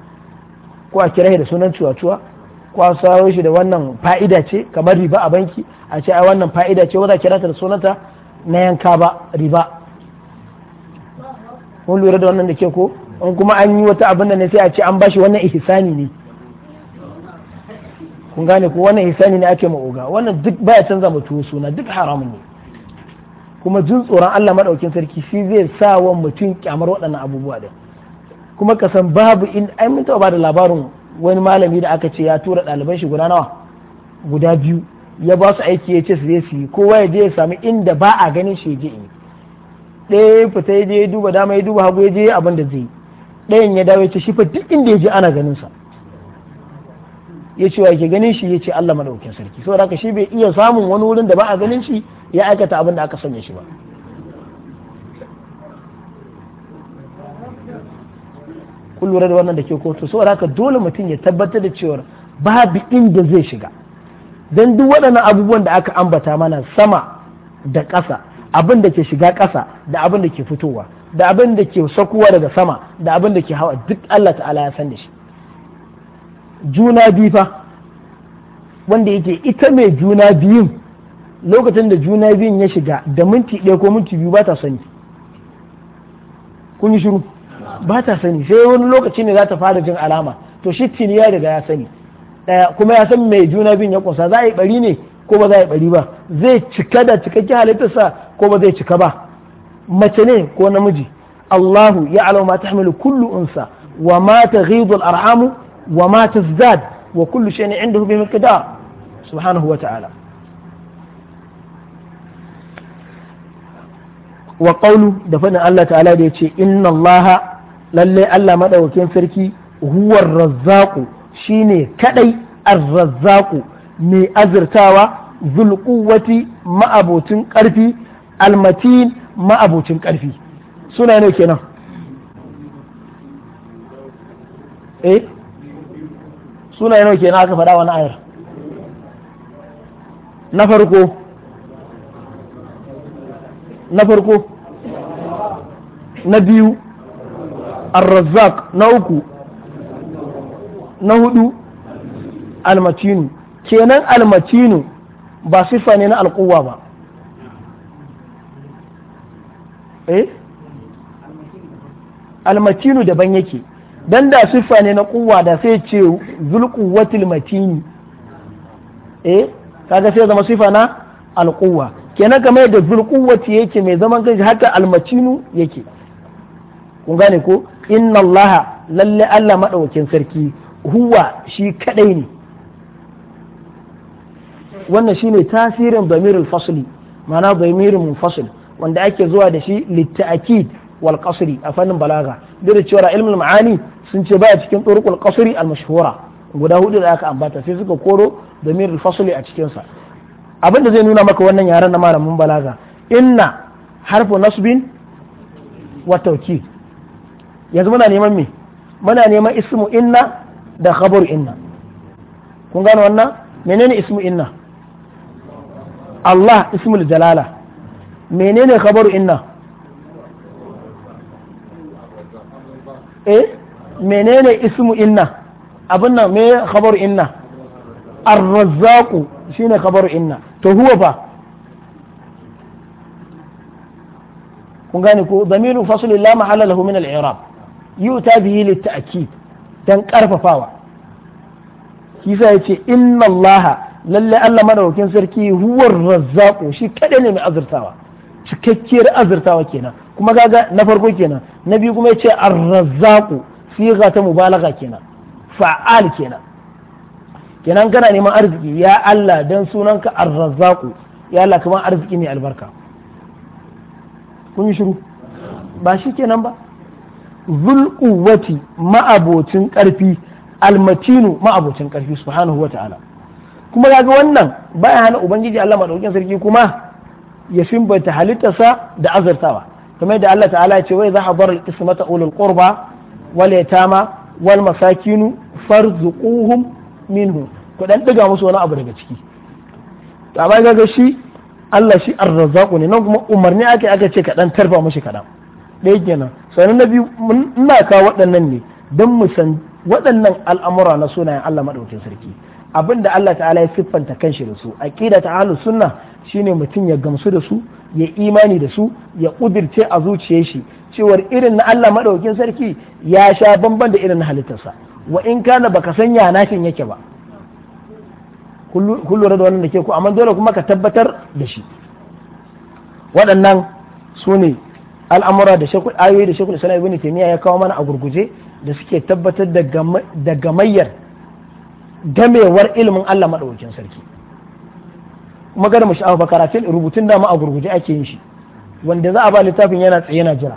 ko a kira da sunan cuwa-cuwa ko a sawo shi da wannan fa'ida ce kamar riba a banki a ce ai wannan fa'ida ce a kira ta da sunanta na yanka ba riba mun lura da wannan da ke ko in kuma an yi wata abin da ne sai a ce an bashi wannan ihsani ne kun gane ko wannan ihsani ne ake ma'uga wannan duk baya canza mutum suna duk haramun ne kuma jin tsoron Allah madaukin sarki shi zai sa wa mutum kyamar waɗannan abubuwa da kuma ka san babu in ai mun taɓa da labarin wani malami da aka ce ya tura ɗaliban shi guda nawa guda biyu ya ba su aiki ya ce su je su yi kowa ya je ya samu inda ba a ganin shi ya je yi ɗaya fita ya je ya duba dama ya duba hagu ya je abin da zai yi ɗayan ya dawo ya ce shi fa duk inda ya je ana ganin sa ya ce wa ke ganin shi ya ce Allah madaukakin sarki saboda haka shi bai iya samun wani wurin da ba a ganin shi ya aikata abin da aka sanya shi ba kun lura da wannan da ke kotu saboda haka dole mutum ya tabbatar da cewa babu inda zai shiga don duk waɗannan abubuwan da aka ambata mana sama da ƙasa abin da ke shiga ƙasa da abin da ke fitowa da abin da ke sakuwa daga sama da abin da ke hawa duk Allah ta'ala ya san da shi juna biyu fa wanda yake ita mai juna biyun lokacin da juna biyun ya shiga da minti ɗaya ko minti biyu ba ta sani kun yi shiru ba ta sani sai wani lokaci ne za ta fara jin alama to shi tini ya riga ya sani ɗaya kuma ya san mai juna biyun ya kunsa za a yi ɓari ne ko ba za a yi ɓari ba zai cika da cikakken halittarsa ko ba zai cika ba mace ne ko namiji Allahu ya alama ta kullu unsa wa ma ta ghidul arhamu wa ma tazdad wa kullu shay'in indahu bi miqdar subhanahu wa ta'ala wa qawlu da fadin Allah ta'ala da yace inna Allah lalle Allah madaukakin sarki huwar razzaqu shine kaɗai ar mai azurtawa zul quwwati ma'abocin karfi almatin ma'abocin karfi suna ne kenan eh? Suna sunaye nawa kenan aka faɗa wani ayar na farko na farko na biyu arrazzaq na uku na hudu almatinu kenan almatinu ba sifa ne na alkuwa ba eh almatinu daban yake dan da siffa ne na kuwa da sai ce watil matini eh kaga sai zama siffa na alquwa kenan da zulku zulquwati yake mai zaman kanshi haka almatinu yake kun gane ko inna allaha lalle Allah madaukin sarki huwa shi kadai ne wannan shine tasirin damirul fasli ma'ana damirul munfasil wanda ake zuwa da shi litta'kid wal qasri a fannin balaga duk da cewa ilmul ma'ani sun ce a cikin turuqul qasri al mashhura guda hudu da aka ambata sai suka koro da mirul fasli a cikin sa abinda zai nuna maka wannan yaren na malamin balaga inna harfu nasbin wa tawkid yanzu muna neman me muna neman ismu inna da khabaru inna kun gane wannan menene ismu inna Allah ismul jalala menene khabaru inna eh menene ismu inna abin nan me khabaru inna ar-razzaqu shine khabaru inna to huwa fa kun gane ko damiru faslu la mahalla lahu min al-i'rab yuta bihi lit-ta'kid dan karfafawa kisa yace inna allaha lalle Allah madaukakin sarki huwar razzaqu shi kada ne mai azurtawa cikakkiyar azurtawa kenan kuma kaga na farko kenan na biyu kuma yace ar-razzaqu siga ta mubalaga kenan fa'al kenan kenan kana neman arziki ya Allah dan sunanka ar-razzaqu ya Allah kuma arziki ne albarka kun yi shiru ba shi kenan ba zul quwwati ma'abocin karfi almatinu ma'abocin karfi subhanahu wata'ala kuma kaga wannan baya hana ubangiji Allah madaukakin sarki kuma ya shimbata halittarsa da azartawa kamar da Allah ta'ala ya ce wai a al-qismata ulul qurba wal yatama wal masakin farzuquhum minhu ku dan diga musu wani abu daga ciki to amma ga shi Allah shi ar ne nan kuma umarni ake aka ce ka dan tarba mushi kadan dai kenan sannan na biyu ina kawo waɗannan ne don mu san waɗannan al'amura na sunayen Allah maɗaukin sarki abinda Allah ta'ala ya siffanta kanshi da su aqida ta ahlus sunna shine mutum ya gamsu da su ya imani da su ya kudirce a zuciye shi cewar irin na Allah maɗaukin sarki ya sha bamban da irin na halittarsa wa in kana baka san ya nashin yake ba kullu da wannan da ke ku amma dole kuma ka tabbatar da shi waɗannan su ne al'amura da shekul ayoyi da shekul islam ya kawo mana a gurguje da suke tabbatar da gamayyar gamewar ilimin Allah maɗaukin sarki magana mu sha'awa karatun rubutun dama a gurguje ake yin shi wanda za a ba littafin yana tsaye yana jira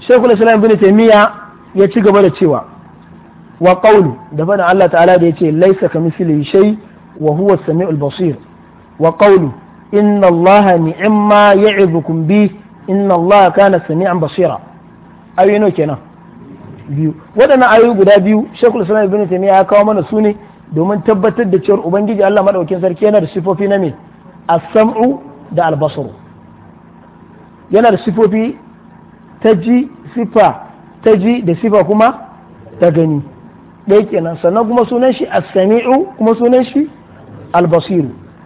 shekul islam bin taimiyya ya ci gaba da cewa wa qawlu da faɗin Allah ta'ala da yace laisa kamithlihi shay wa huwa as-sami'ul basir wa qawlu inna Allah ni'ma ya'idukum bi inna Allah kana sami'an basira ayoyi kenan biyu waɗannan ayoyi guda biyu shekul islam bin taimiyya ya kawo mana su ne domin tabbatar da cewar ubangiji Allah maɗaukin sarki yana da sifofi na me as-sam'u da al-basaru yana da sifofi ta ji sifa ta ji da sifa kuma ta gani ɗaya kenan sannan kuma sunan shi as-sami'u kuma sunan shi al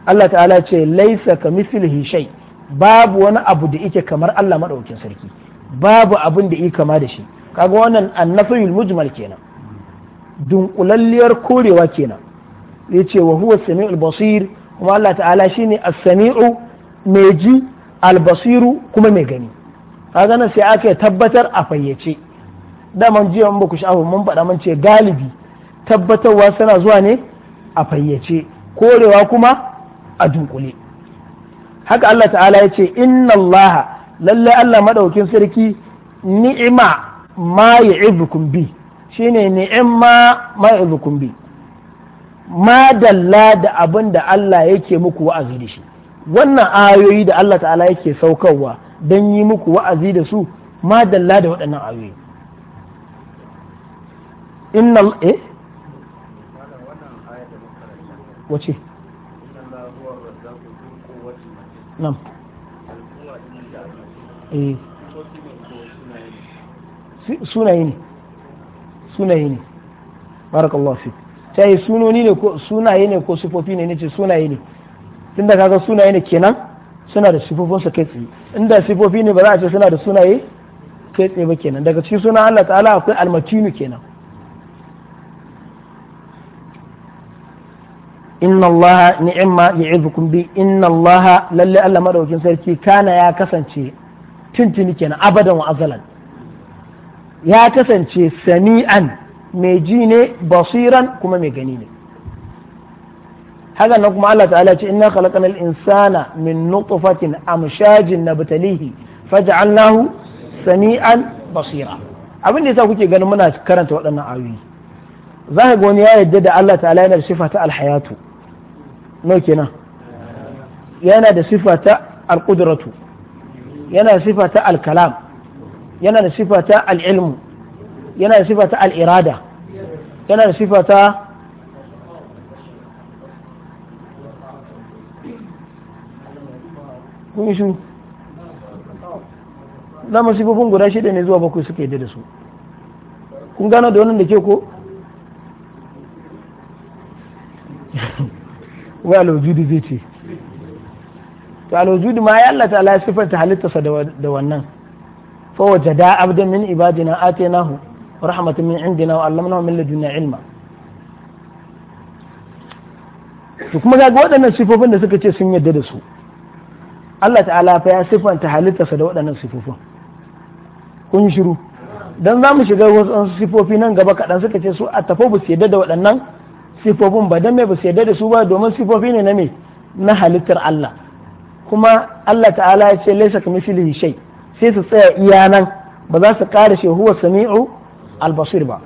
Allah ta'ala ce laisa ka mislihi shay babu wani abu da yake kamar Allah maɗaukin sarki babu abin da yake kama da shi kaga wannan annafiyul mujmal kenan dunkulalliyar korewa kenan ya ce wa huwa sami basir kuma Allah ta'ala shine ne samiu mai ji albasiru kuma mai gani kaga nan sai aka tabbatar a fayyace daman jiya mun baku sha'awa mun faɗa mun ce galibi tabbatarwa suna zuwa ne a fayyace korewa kuma a dunkule haka Allah ta'ala ya ce inna Allah lallai Allah madaukin sarki ni'ima ma ya'idukum bi shine ma ma'izukum bi ma dalla da abin da Allah yake muku wa'azi da shi wannan ayoyi da Allah ta'ala yake saukarwa don yi muku wa'azi da su ma dalla da waɗannan ayoyi inna eh wace nan eh sunaye ne sunaye ne Allah fi ta yi sunoni ne ko sunaye ne ko sifofi ne nace sunaye ne tun da kaga sunaye ne kenan suna da sifofin su kai tsaye inda sifofi ne ba za a ce suna da sunaye kai tsaye ba kenan daga cikin sunan Allah ta'ala akwai almatinu kenan inna Allah ni'imma ya'idukum bi inna Allah lalle Allah madaukin sarki kana ya kasance tuntuni kenan abadan wa azalan ya kasance sami'an mai ji ne basiran kuma mai gani ne haka nan kuma Allah ta'ala ce inna khalaqana al-insana min nutfatin amshajin nabtalihi faj'alnahu sami'an basira abin da yasa kuke ganin muna karanta waɗannan ayoyi za ka wani ya yarda da Allah ta'ala yana da sifata ta al-hayatu no kenan yana da sifata al-qudratu yana da sifa al-kalam yana da sifa ta al'ilmu yana da sifa ta al'irada yana da sifa ta kun shi zama sifofin guda shida ne zuwa bakwai suka yadda da su kun gano da wannan da ke ko wai alwajudi zai ce to alwajudi ma ya Allah ta'ala ya siffanta halittarsa da wannan فوجدا عبدا من عبادنا آتيناه رحمة من عندنا وعلمناه من لدنا علما kuma ga waɗannan sifofin da suka ce sun yadda da su Allah ta'ala fa ya siffanta halittarsa da waɗannan sifofin kun shiru dan za mu shiga wasu sifofi nan gaba kaɗan suka ce su a tafi ba yadda da waɗannan sifofin ba dan mai bu su yadda da su ba domin sifofi ne na me na halittar Allah kuma Allah ta'ala ya ce laisa kamithlihi shay' sai su tsaya iya nan ba za su ƙara shi huwa sami'u albasir ba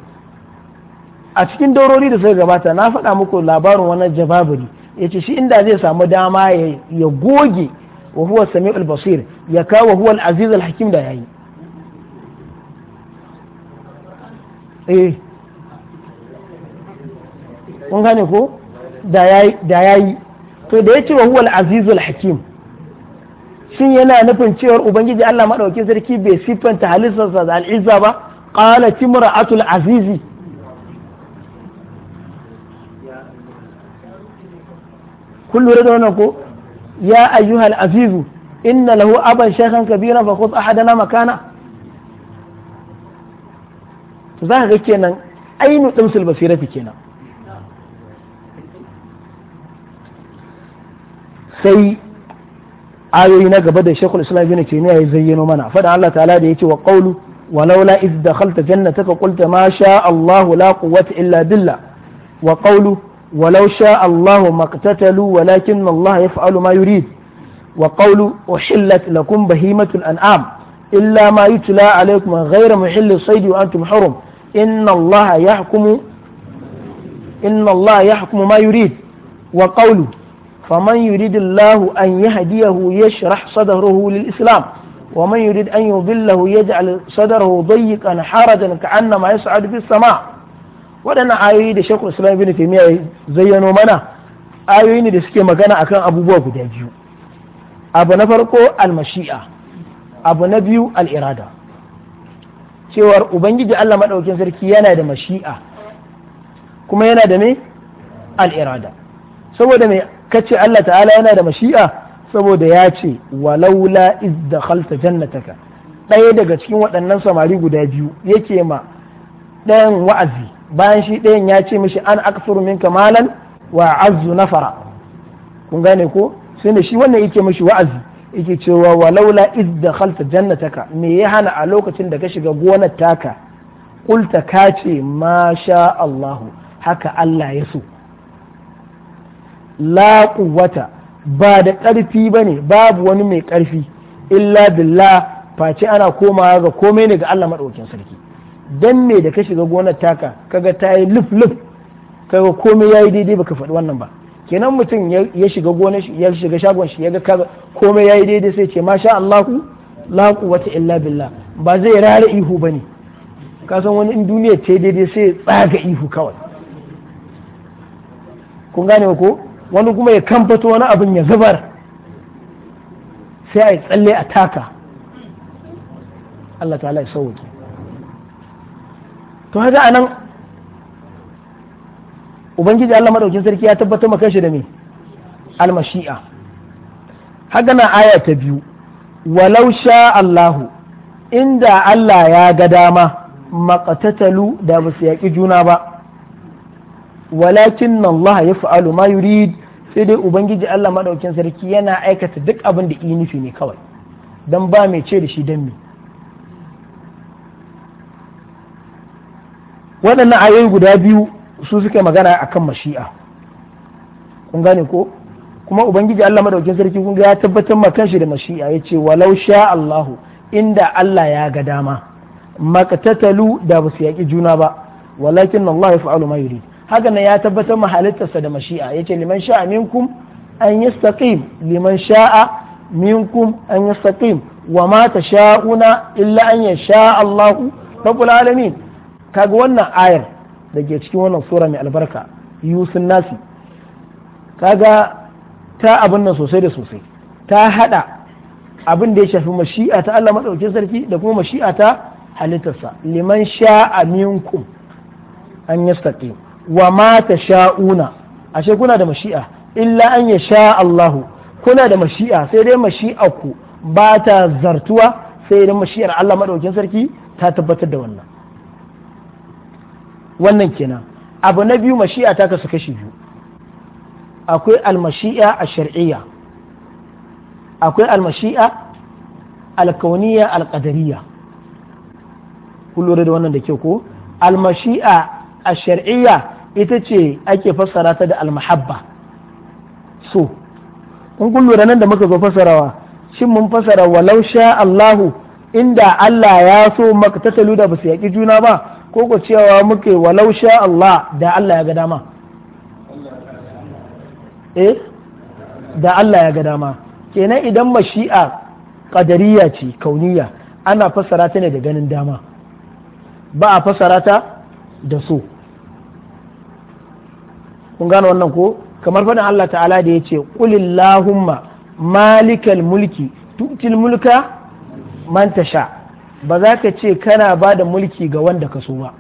a cikin dorori da suka gabata na faɗa muku labarin wani jababuri ya ce shi inda zai samu dama ya goge wa huwa sami'u albasir ya kawo huwa al-aziz alhakim da yayi eh kun gane ko da yayi to da ya ce wa huwa al-aziz hakim shin yana nufin cewar ubangiji Allah maɗauki sarki bai siffanta halittarsa da al'izza ba qala atul azizi kun lura da wannan ko ya ayyuhal azizu inna lahu aban shaykhan kabira fa khudh ahadana makana to za ka ga kenan ainu dimsul basirati kenan sai ayoyi na gaba da shekul islam bin taimiya ya zayyano mana fadan allah ta'ala da yake wa qawlu wa laula iz dakhalta jannata ka qulta ma sha allah la quwwata illa billah wa qawlu wa law sha allah maqtatalu walakin allah yaf'alu ma yurid wa qawlu uhillat lakum bahimatul an'am illa ma yutla alaykum ghayra muhilli sayd wa antum hurum inna allah yahkumu inna allah ma yurid wa qawlu faman yuridillahu an yahdiyahu yashrah sadrahu lil islam ومن يريد أن يضله يجعل صدره ضيقا حرجا كأنما يصعد في السماء waɗannan ayoyi da shekul islam ibn taimiyya ya zayyano mana ayoyi ne da suke magana akan abubuwa guda biyu abu na farko almashi'a abu na biyu cewar ubangiji allah maɗaukin sarki yana da mashi'a kuma yana da ne al'irada saboda mai Ka ce Allah ta'ala yana da mashi'a saboda ya ce walaula iz dakhalta jannataka ɗaya daga cikin waɗannan samari guda biyu yake ma ɗayan wa'azi bayan shi ɗayan ya ce mishi an aksuru minka malan wa azzu nafara kun gane ko sai da shi wannan yake mishi wa'azi yake cewa walaula iz dakhalta jannataka me ya hana a lokacin da ka shiga gonar taka kulta kace ce masha Allah haka Allah ya so la quwwata ba da ƙarfi bane babu wani mai ƙarfi illa billah face ana komawa ga komai ne ga Allah madaukakin sarki dan me da ka shiga gonar taka kaga ta yi luf luf kaga komai yayi daidai baka faɗi wannan ba kenan mutum ya shiga gonar shi ya shiga shagon shi ya ga komai yayi daidai sai ce masha Allahu la quwwata illa billah ba zai rara ihu bane ka san wani in duniya ce daidai sai tsaga ihu kawai kun gane ko wani kuma ya kamfato wani abin ya zubar sai a yi tsalle a taka Allah ta'ala ya sauke to haka anan ubangiji Allah madaukin sarki ya tabbatar maka shi da me almashi'a haka na aya ta biyu walau sha Allahu inda Allah ya ga dama maqtatalu da ba su yaƙi juna ba walakin Allah ya fa'alu ma sai dai ubangiji Allah maɗaukin sarki yana aikata duk abin da inifi nufi ne kawai Don ba mai ce da shi don me waɗannan ayoyi guda biyu su suke magana a kan mashi'a kun gane ko kuma ubangiji Allah madaukin sarki kun ga ya tabbatar ma kanshi da mashi'a ce walau sha Allahu inda Allah ya ga dama makatatalu da ba su yaƙi juna ba walakin Allah ya fa'alu ma yurid haka nan ya tabbatar ma halittarsa da mashi'a yace liman sha'a minkum an yastaqim liman sha'a minkum an yastaqim wa ma tasha'una illa an yasha Allahu rabbul alamin kaga wannan ayar da ke cikin wannan sura mai albarka yusun nasi kaga ta abin nan sosai da sosai ta hada abin da ya shafi mashi'a ta Allah madaukakin sarki da kuma mashi'a ta halittarsa liman sha'a minkum an yastaqim wa ma sha'una ashe kuna da mashi'a illa an ya sha Allahu kuna da mashi'a sai dai mashi'a ku ba ta zartuwa sai dai mashi'ar Allah madaukin sarki ta tabbatar da wannan wannan kenan abu na biyu mashi'a ta kasu kashi biyu akwai almashi'a a shar'iyya akwai almashi'a alkauniya alqadariyya kullure da wannan da ke ko almashi'a a shar'iyya ita ce ake fassara ta da almahabba so in kun lura nan da muka zo fassarawa shin mun fassara walau sha Allahu inda Allah ya so maka tattalu da ba su yaƙi juna ba ko ko cewa muke walau sha Allah da Allah ya ga dama eh da Allah ya ga dama kenan idan mashi'a qadariya ce kauniya ana fassara ta ne da ganin dama ba a fassara ta da so kun gane wannan ko kamar faɗin Allah ta'ala da ya ce kulillahumma malikal mulki tutil mulka man tasha ba za ka ce kana ba da mulki ga wanda ka so ba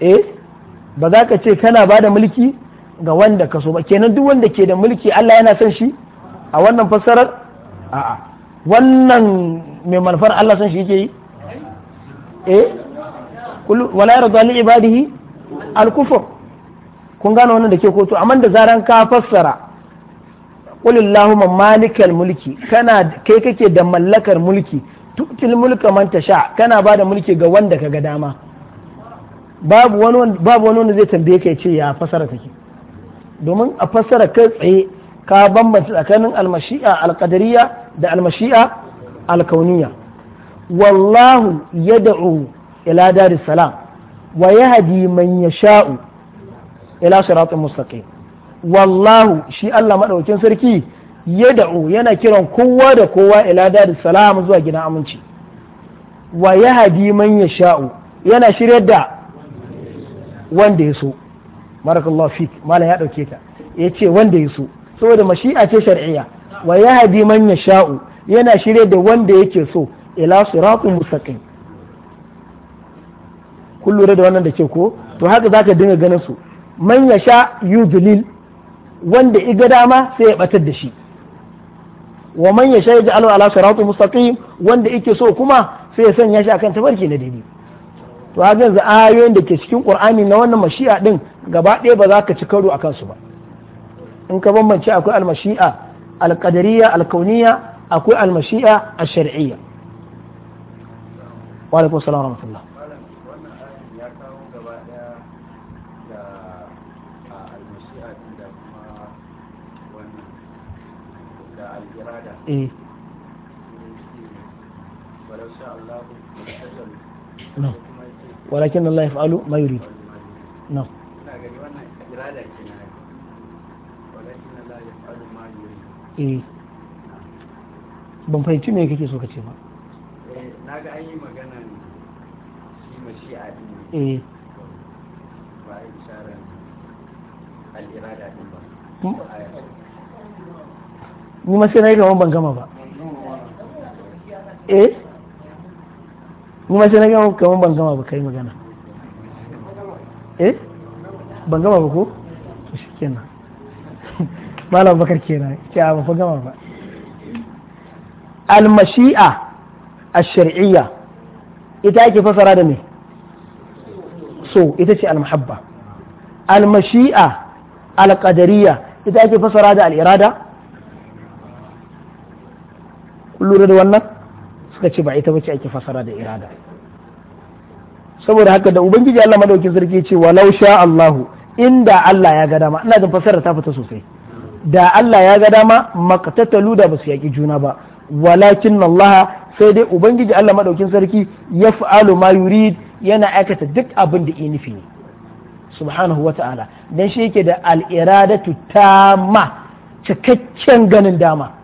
eh ba za ka ce kana ba da mulki ga wanda ka so ba kenan duk wanda ke da mulki Allah yana son shi a wannan fassarar a'a wannan mai manufar Allah son shi yake yi eh wala yarda li ibadihi al-kufr kun gane wannan da ke koto amma da zaran ka fassara qulillahumma malikal mulki kana kai kake da mallakar mulki tutil mulka man tasha kana ba da mulki ga wanda ka ga dama babu wani babu wani wanda zai tambaye ka ya ce ya fassara take domin a fassara kai tsaye ka bambanta tsakanin almashi'a alqadariya da almashi'a alkauniya wallahu yad'u ila daris salam wa yahdi man yasha'u ila siratul mustaqim wallahu shi Allah madaukin sarki ya da'u yana kiran kowa da kowa ila da salam zuwa gidan aminci wa yahdi man yasha'u yana shiryar da wanda ya so barakallahu fik malam ya dauke ta yace wanda ya so saboda mashi'a ce shar'iyya wa yahdi man yasha'u yana shirye da wanda yake so ila siratul mustaqim kullu da wannan da ke ko to haka zaka dinga ganin su man ya sha yudlil wanda iga dama sai ya batar da shi wa man ya sha ya alwa ala siratul mustaqim wanda yake so kuma sai ya sanya shi akan tafarki na daidai to a ganzu ayoyin da ke cikin qur'ani na wannan mashi'a din gaba ɗaya ba za ka ci karo akan su ba in ka bambance akwai almashi'a alqadariyya alkauniyya akwai almashi'a ash-shar'iyya wa alaikum assalam wa rahmatullah eh no walakin Allah ya fa'alu ma yurid no eh ban fahimci me kake so ka ce ba na ga an yi magana shi mashi a eh ba a yi al-irada din ba hmm? ni ma sai na yi gaban ban gama ba eh ni ma sai na gama ban gama ba kai magana eh ban gama ba ko to shikenan malam bakar kenan ce ba fa gama ba al-mashi'a ash-shar'iyya ita ake fasara da me so ita ce al-muhabba al-mashi'a al-qadariyya ita ake fasara da al-irada kun lura da wannan suka ce ba ita bace ake fasara da irada saboda haka da ubangiji Allah madaukin sarki ce walau sha Allahu inda Allah ya ga dama ina jin fasara ta fita sosai da Allah ya ga dama maqtatalu da basu yaki juna ba walakin Allah sai dai ubangiji Allah madaukin sarki ya fa'alu ma yurid yana aikata duk abin da ya nufi ne subhanahu wa ta'ala dan shi yake da al-iradatu tamma cikakken ganin dama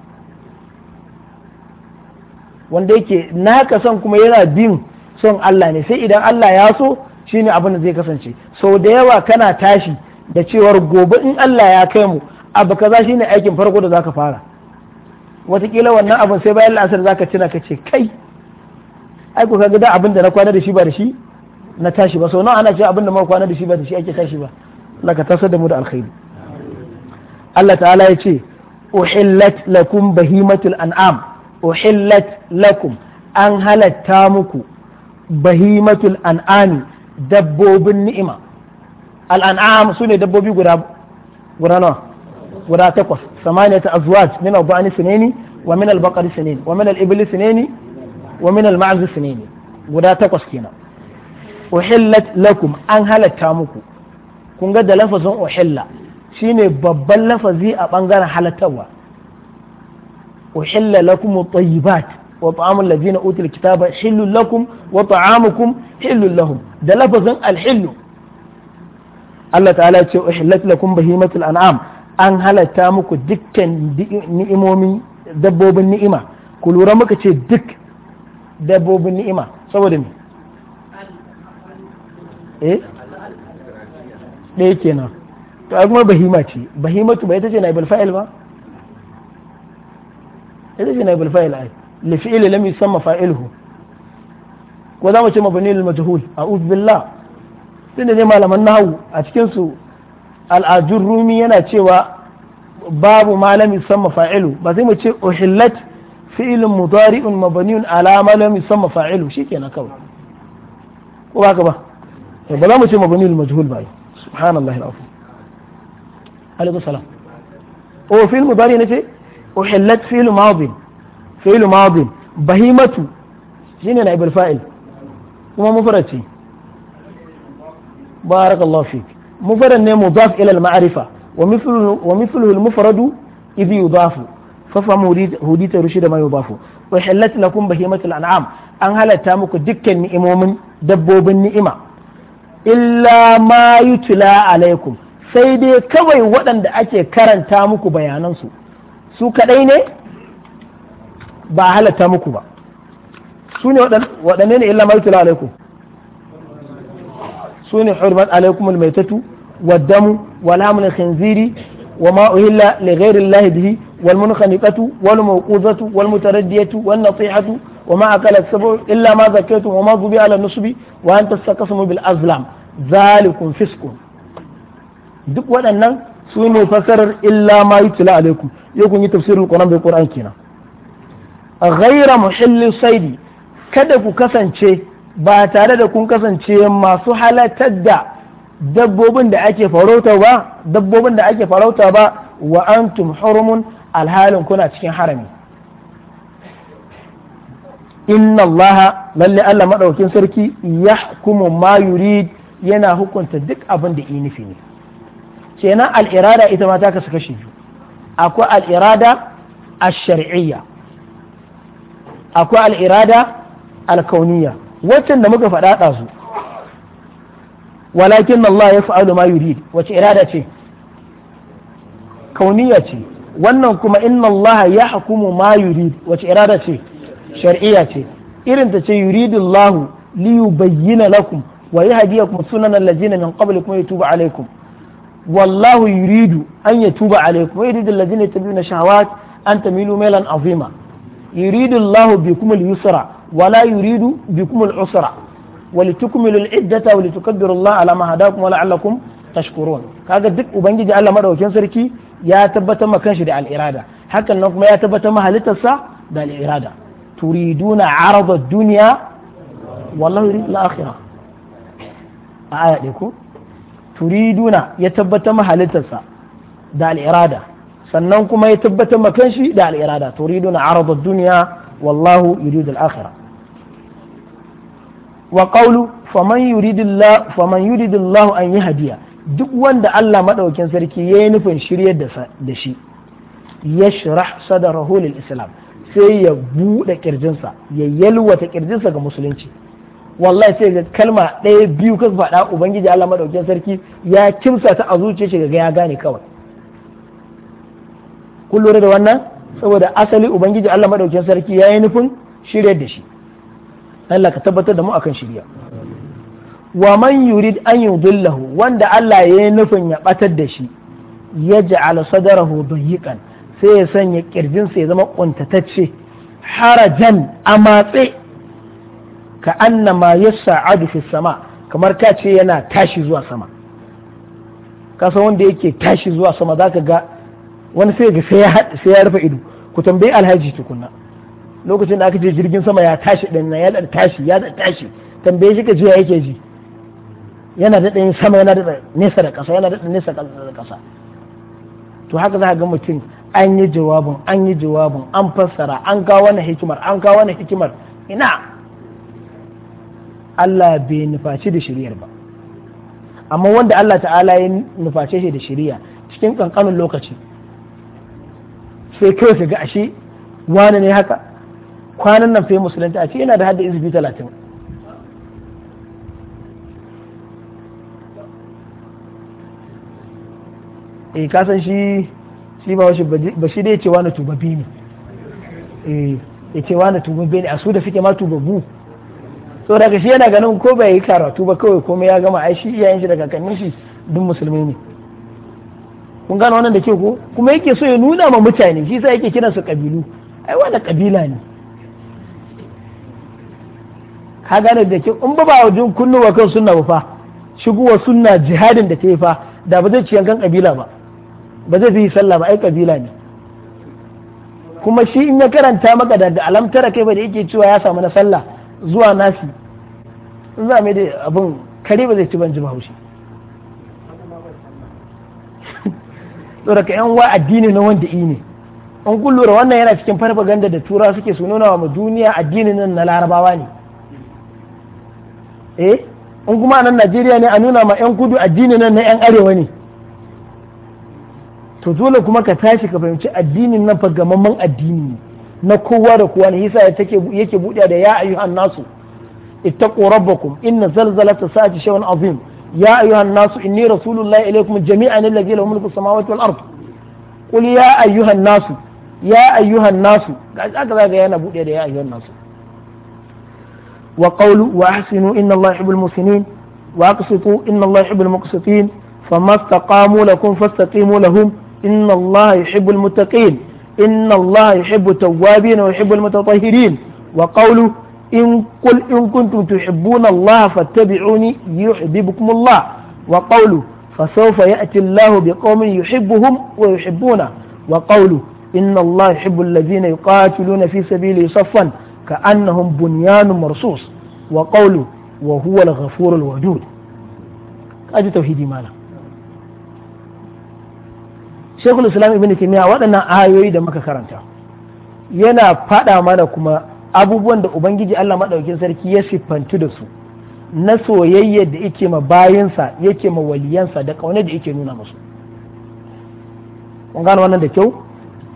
wanda yake naka son kuma yana bin son Allah ne sai idan Allah ya so shine abin da zai kasance sau da yawa kana tashi da cewar gobe in Allah ya kai mu abu kaza shine aikin farko da zaka fara watakila wannan abin sai bayan la'asar zaka tuna ka ce kai ai ka kaga da abin da na kwana da shi ba da shi na tashi ba sau nawa ana cewa abin da muka kwana da shi ba da shi ake tashi ba laka tasar da mu da alkhairi Allah ta'ala ya ce uhillat lakum bahimatul an'am uhillat lakum an halatta muku bahimatul an'ami dabbobin ni'ima al'an'am su ne dabbobi guda guda nawa guda takwas samaniya ta azwaj min al-ba'ani sinini wa min al-baqari wa min al-ibli wa min al-ma'az guda takwas kenan uhillat lakum an halatta muku kun ga da lafazin uhilla shine babban lafazi a bangaren halattarwa uhilla lakum at-tayyibat wa ta'amu allazina utul kitaba hillul lakum wa ta'amukum hillul lahum da lafazin al-hillu Allah ta'ala ya ce uhillat lakum bahimatul an'am an halatta muku dukkan ni'imomin ni'ima ku lura muka ce duk ni'ima saboda eh? ɗaya kenan to kuma bahima ce bahimatu ba ita ce na ibal fa'il ba ita ce na bilfa'il da lifi'il lam yusamma fa'iluhu ko za mu ce mabni lil majhul a'udhu billah tunda malaman nahwu a cikin su al'ajur rumi yana cewa babu ma lam yusamma fa'ilu ba sai mu ce uhillat fi'lun mudari'un mabniun ala ma lam yusamma fa'ilu shikenan kawai ko ba ka ba ba za mu ce mabni lil majhul ba salam uhillat fi'lu madin fi'lu madin bahimatu shine na ibul kuma mufrad ce barakallahu fik mufrad ne mudaf ila al ma'rifa wa mithluhu wa mithluhu al mufrad idh yudafu fafamu hudita rushida ma yudafu uhillat lakum bahimatul an'am an halarta muku dukkan ni'imomin dabbobin ni'ima illa ma yutla alaikum sai dai kawai waɗanda ake karanta muku su. su kaɗai ne ba a halatta muku ba su ne waɗanne ne illa maltula alaikum su ne hurmat alaikum almaitatu wa damu wa lamun khinziri wa ma uhilla li ghairi allahi bihi wal munkhaniqatu wal mawquzatu wal mutaraddiyatu wan nasihatu wa ma akala illa ma zakaytu wa ma zubi ala nusbi wa an tasakasmu bil azlam zalikum fiskun duk waɗannan su ne fasarar illa ma yutula alaikum yau kun yi tafsirul Qur'an bai Qur'an kenan ghaira muhillin saidi kada ku kasance ba tare da kun kasance masu halatar da dabbobin da ake farauta ba dabbobin da ake farauta ba wa antum hurumun alhalin kuna cikin harami inna Allah lalle Allah madaukin sarki yahkumu ma yurid yana hukunta duk abin da yi nufi ne kenan al'irada ita ma ta kasu kashi biyu akwai al'irada a shariyya akwai al'irada alkauniya waccan da muka faɗaɗa su walakin Allah ya fa'alu ma yuri wace irada ce kauniya ce wannan kuma inna Allah ya hukumu ma yuri wace irada ce shari'iyya ce irin ta ce yuridullahu liyu bayyana lakum wa yahdiyakum sunan allazina min qablikum ya yatubu alaikum wallahu yuridu an yatuba alaykum wa yuridu alladhina yattabi'una shahawat an tamilu mailan azima yuridu Allahu bikum al-yusra wa la yuridu bikum al-usra wa litukmilu al-iddata wa litukabbiru Allah ala ma hadakum wa tashkurun kaga duk ubangiji Allah madaukakin sarki ya tabbatar ma kanshi da al-irada hakan nan kuma ya tabbatar ma halittarsa da al turiduna turiduna ya tabbatar mahalittarsa da al'irada sannan kuma ya tabbatar makanshi da al'irada turiduna aradud duniya wallahu yuridu al wa ƙaulu faman yuridillahu faman yuridillahu an duk wanda Allah maɗaukin sarki yayi nufin shiryar da shi ya sadrahu lil islam sai ya buɗe ƙirjinsa ya yalwata ƙirjinsa ga musulunci wallahi sai ga kalma ɗaya biyu ka faɗa ubangiji Allah madaukin sarki ya kimsa ta a zuciya shi ga ya gane kawai kun lura da wannan saboda asali ubangiji Allah madaukin sarki ya yi nufin shiryar da shi Allah ka tabbatar da mu akan shirya wa man yurid an yudillahu wanda Allah ya yi nufin ya batar da shi ya ja'ala sadarahu dayyiqan sai ya sanya kirjinsa ya zama kuntatacce harajan a ka annama yas'adu fi sama kamar ka ce yana tashi zuwa sama kasan wanda yake tashi zuwa sama zaka ga wani sai ga sai ya rufe ido ku tambayi alhaji tukunna lokacin da aka je jirgin sama ya tashi din ya da tashi ya da tashi tambaye shi ka je yake ji yana da ɗayin sama yana da nesa da ƙasa yana da nesa da ƙasa to haka za ga mutum an yi jawabin an yi jawabin an fassara an kawo wani hikimar an kawo wani hikimar ina Allah bai nufaci da shiriyar ba amma wanda Allah ta'ala ya nuface shi da shiriya cikin kankanin lokaci sai kai su ga ashe wani ne haka kwanan nan sai musulunta a ce yana da haddin izubi talatin e eh, kasan shi shi ba washi ba shi dai ce wani tubabbi ne e ya ce wani tubabbi eh, ne a su da suke ma bu. so daga shi yana ganin ko bai yi karatu ba kawai komai ya gama ai shi iyayen shi da kakannin shi duk musulmi ne kun gano wannan da ke ko kuma yake so ya nuna ma mutane shi sa yake kiransu kabilu ai wannan kabila ne ka gane da ke in ba ba wajen kunnuwa kan sunna ba fa shigowa sunna jihadin da ta yi fa da ba zai ci yankan kabila ba ba zai yi sallah ba ai kabila ne kuma shi in ya karanta maka da alamtara kai ba da yake cewa ya samu na sallah zuwa nafi in za mai da abin kare ba zai ci ban ji bahaushe tsoraka yan wa addini na wanda i ne an kullura wannan yana cikin farfaganda da tura suke su nuna wa duniya addinin nan na larabawa ne eh in kuma nan najeriya ne a nuna ma yan kudu addini nan na yan arewa ne to dole kuma ka tashi ka fahimci addinin nan gamamman addini ne na kowa da kowa ne yasa take yake buɗe da ya ayyuhan nasu ittaqu rabbakum inna zalzalata sa'ati shay'un azim ya ayyuhan nasu inni rasulullahi ilaykum jami'an alladhi lahu mulku samawati wal ard qul ya ayyuhan nasu ya ayyuhan nasu kaga zaga yana buɗe da ya ayyuhan nasu wa qawlu wa ahsinu inna allaha yuhibbul muhsinin wa aqsitu inna allaha yuhibbul muqsitin فما استقاموا لكم فاستقيموا لهم إن الله يحب المتقين إن الله يحب التوابين ويحب المتطهرين وقوله إن قل إن كنتم تحبون الله فاتبعوني يحببكم الله وقوله فسوف يأتي الله بقوم يحبهم ويحبونه وقوله إن الله يحب الذين يقاتلون في سبيله صفا كأنهم بنيان مرصوص وقوله وهو الغفور الودود أجل توحيدي مالك shekul islam ibn taymiya waɗannan ayoyi da muka karanta yana faɗa mana kuma abubuwan da ubangiji Allah maɗaukin sarki ya siffantu da su na soyayya da yake ma bayansa yake ma waliyansa da kaune da yake nuna musu kun gano wannan da kyau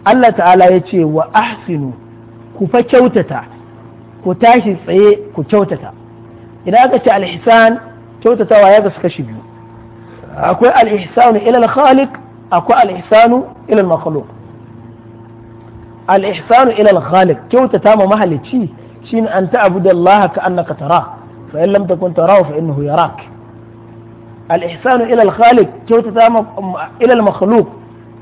Allah ta'ala ya ce wa ahsinu ku fa kyautata ku tashi tsaye ku kyautata idan aka ce al-ihsan kyautatawa ya gasu kashi biyu akwai al ihsanu ila al-khaliq akwai al-ihsanu ila al-makhluq al-ihsanu ila kyautata ma mahalicci shine an ta'budu Allah ka annaka tara fa in lam takun tarahu fa innahu yarak al-ihsanu ila kyautata ma ila makhluq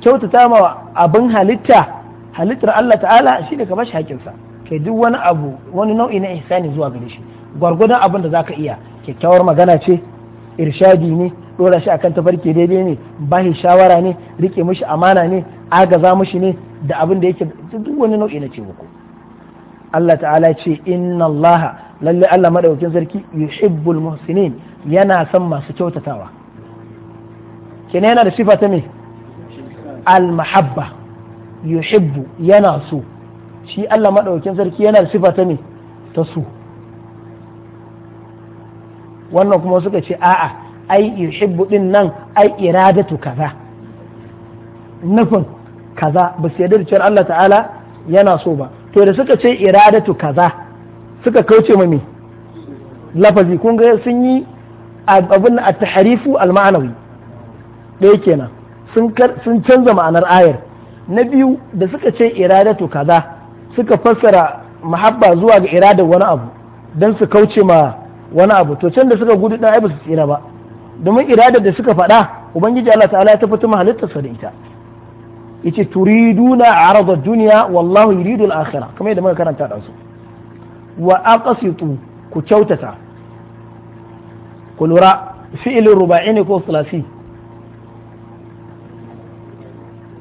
kyautata ma abin halitta halittar Allah ta'ala shine ka bashi hakinsa kai nau'i na ihsani zuwa gwargwadon abin da ka iya kyakkyawar magana ce irshadi ne dora shi akan tafarki daidai ne ba shi shawara ne rike mishi amana ne agaza mishi ne da abin da yake duk wani nau'i na taimako Allah ta'ala ce inna Allah lalle Allah madaukakin sarki yuhibbul muhsinin yana son masu kyautatawa kenan yana da sifa ta me al mahabba yuhibbu yana so shi Allah madaukakin sarki yana da sifa ta me ta so wannan kuma suka ce a'a ai yuhibbu din nan ai iradatu kaza nufin kaza ba su yarda da cewa Allah ta'ala yana so ba to da suka ce iradatu kaza suka kauce ma me lafazi kun ga sun yi abin at-tahrifu al-ma'nawi ɗaya kenan sun canza ma'anar ayar na biyu da suka ce iradatu kaza suka fassara mahabba zuwa ga iradar wani abu don su kauce ma wani abu to can da suka gudu ɗin ai ba su tsira ba domin iradar da suka faɗa ubangiji Allah ta'ala ya tafi tuma halittarsa da ita yace turiduna arada duniya wallahu yuridu al-akhirah kamar yadda muka karanta da su wa aqsitu ku kyautata ku lura fi'il ruba'in ne ko sulasi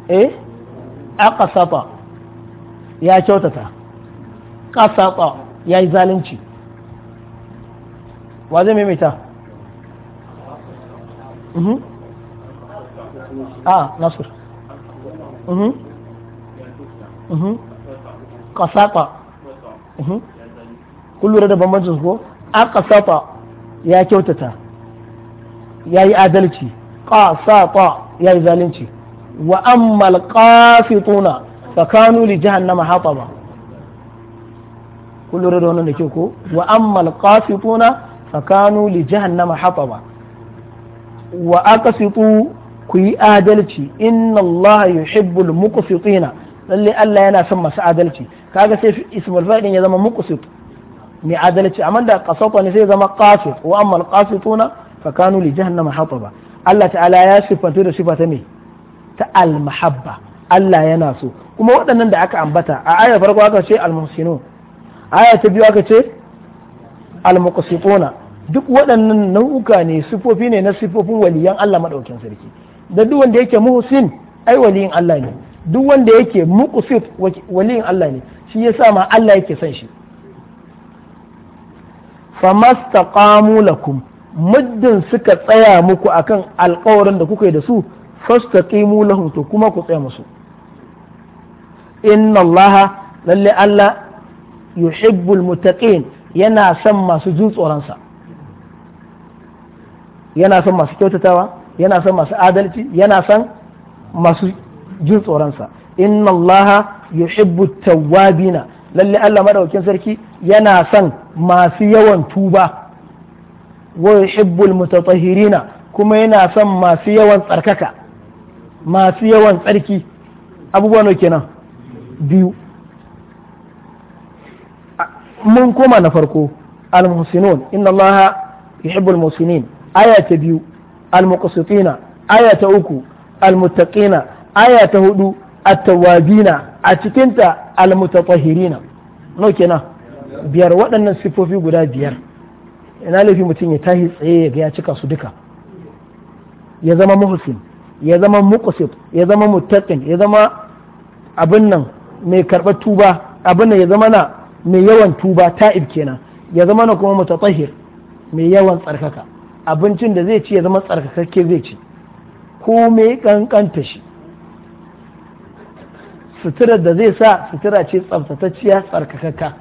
eh aqsata ya kyautata qasata ya yi zalunci wa zai maimaita Mhm. Ah, nasir mhm. mhm. kasata kun lura da bambancin ko a kasata ya kyautata ya yi adalci kasata ya yi zalunci wa ammal qasituna tsakanu kanu li jahannama hataba kun lura da wannan da ke ko wa ammal qasituna fa kanu li jahannama hataba wa aqsitu ku yi adalci inna Allah yuhibbul muqsitina lalle Allah yana son masu adalci kaga sai ismul fa'il ya zama muqsit mai adalci amma da qasata ne sai zama qasit wa amma alqasituna fa kanu li jahannama hataba Allah ta'ala ya sifantu da sifata me ta almahabba Allah yana so kuma waɗannan da aka ambata a ayar farko aka ce almuhsinun aya ta biyu aka ce almuqsituna duk waɗannan nau'uka ne sifofi ne na sifofin waliyan Allah maɗaukin sarki da duk wanda yake muhsin ai waliyin Allah ne duk wanda yake muqsit waliyin Allah ne shi ya sa ma Allah yake son shi famastaqamu lakum muddin suka tsaya muku akan alƙawarin da kuka yi da su fastaqimu lahum to kuma ku tsaya musu inna Allah lalle Allah yuhibbul muttaqin yana son masu jin tsoronsa yana son masu kyautatawa yana son masu adalci yana son masu jin tsoronsa inna allaha yuhibbu tawwabina lalle Allah madaukakin sarki yana son masu yawan tuba wa yuhibbul mutatahhirina kuma yana son masu yawan tsarkaka masu yawan tsarki abubuwa ne kenan biyu mun koma na farko al-muhsinun inna allaha yuhibbul muhsinin aya ta biyu almuqsitina aya ta uku almuttaqina aya ta hudu at-tawabina a cikinta almutatahhirina no kenan biyar waɗannan sifofi guda biyar ina laifi mutum ya tahi tsaye ya ga ya cika su duka ya zama muhsin ya zama muqsit ya zama muttaqin ya zama abin nan mai karɓar tuba abin nan ya zama na mai yawan tuba ta'ib kenan ya zama na kuma mutatahir mai yawan tsarkaka abincin da zai ci ya zama tsarkakakke zai ci ko mai kankanta shi suturar da zai sa sutura ce tsaftatacciya tsarkakakka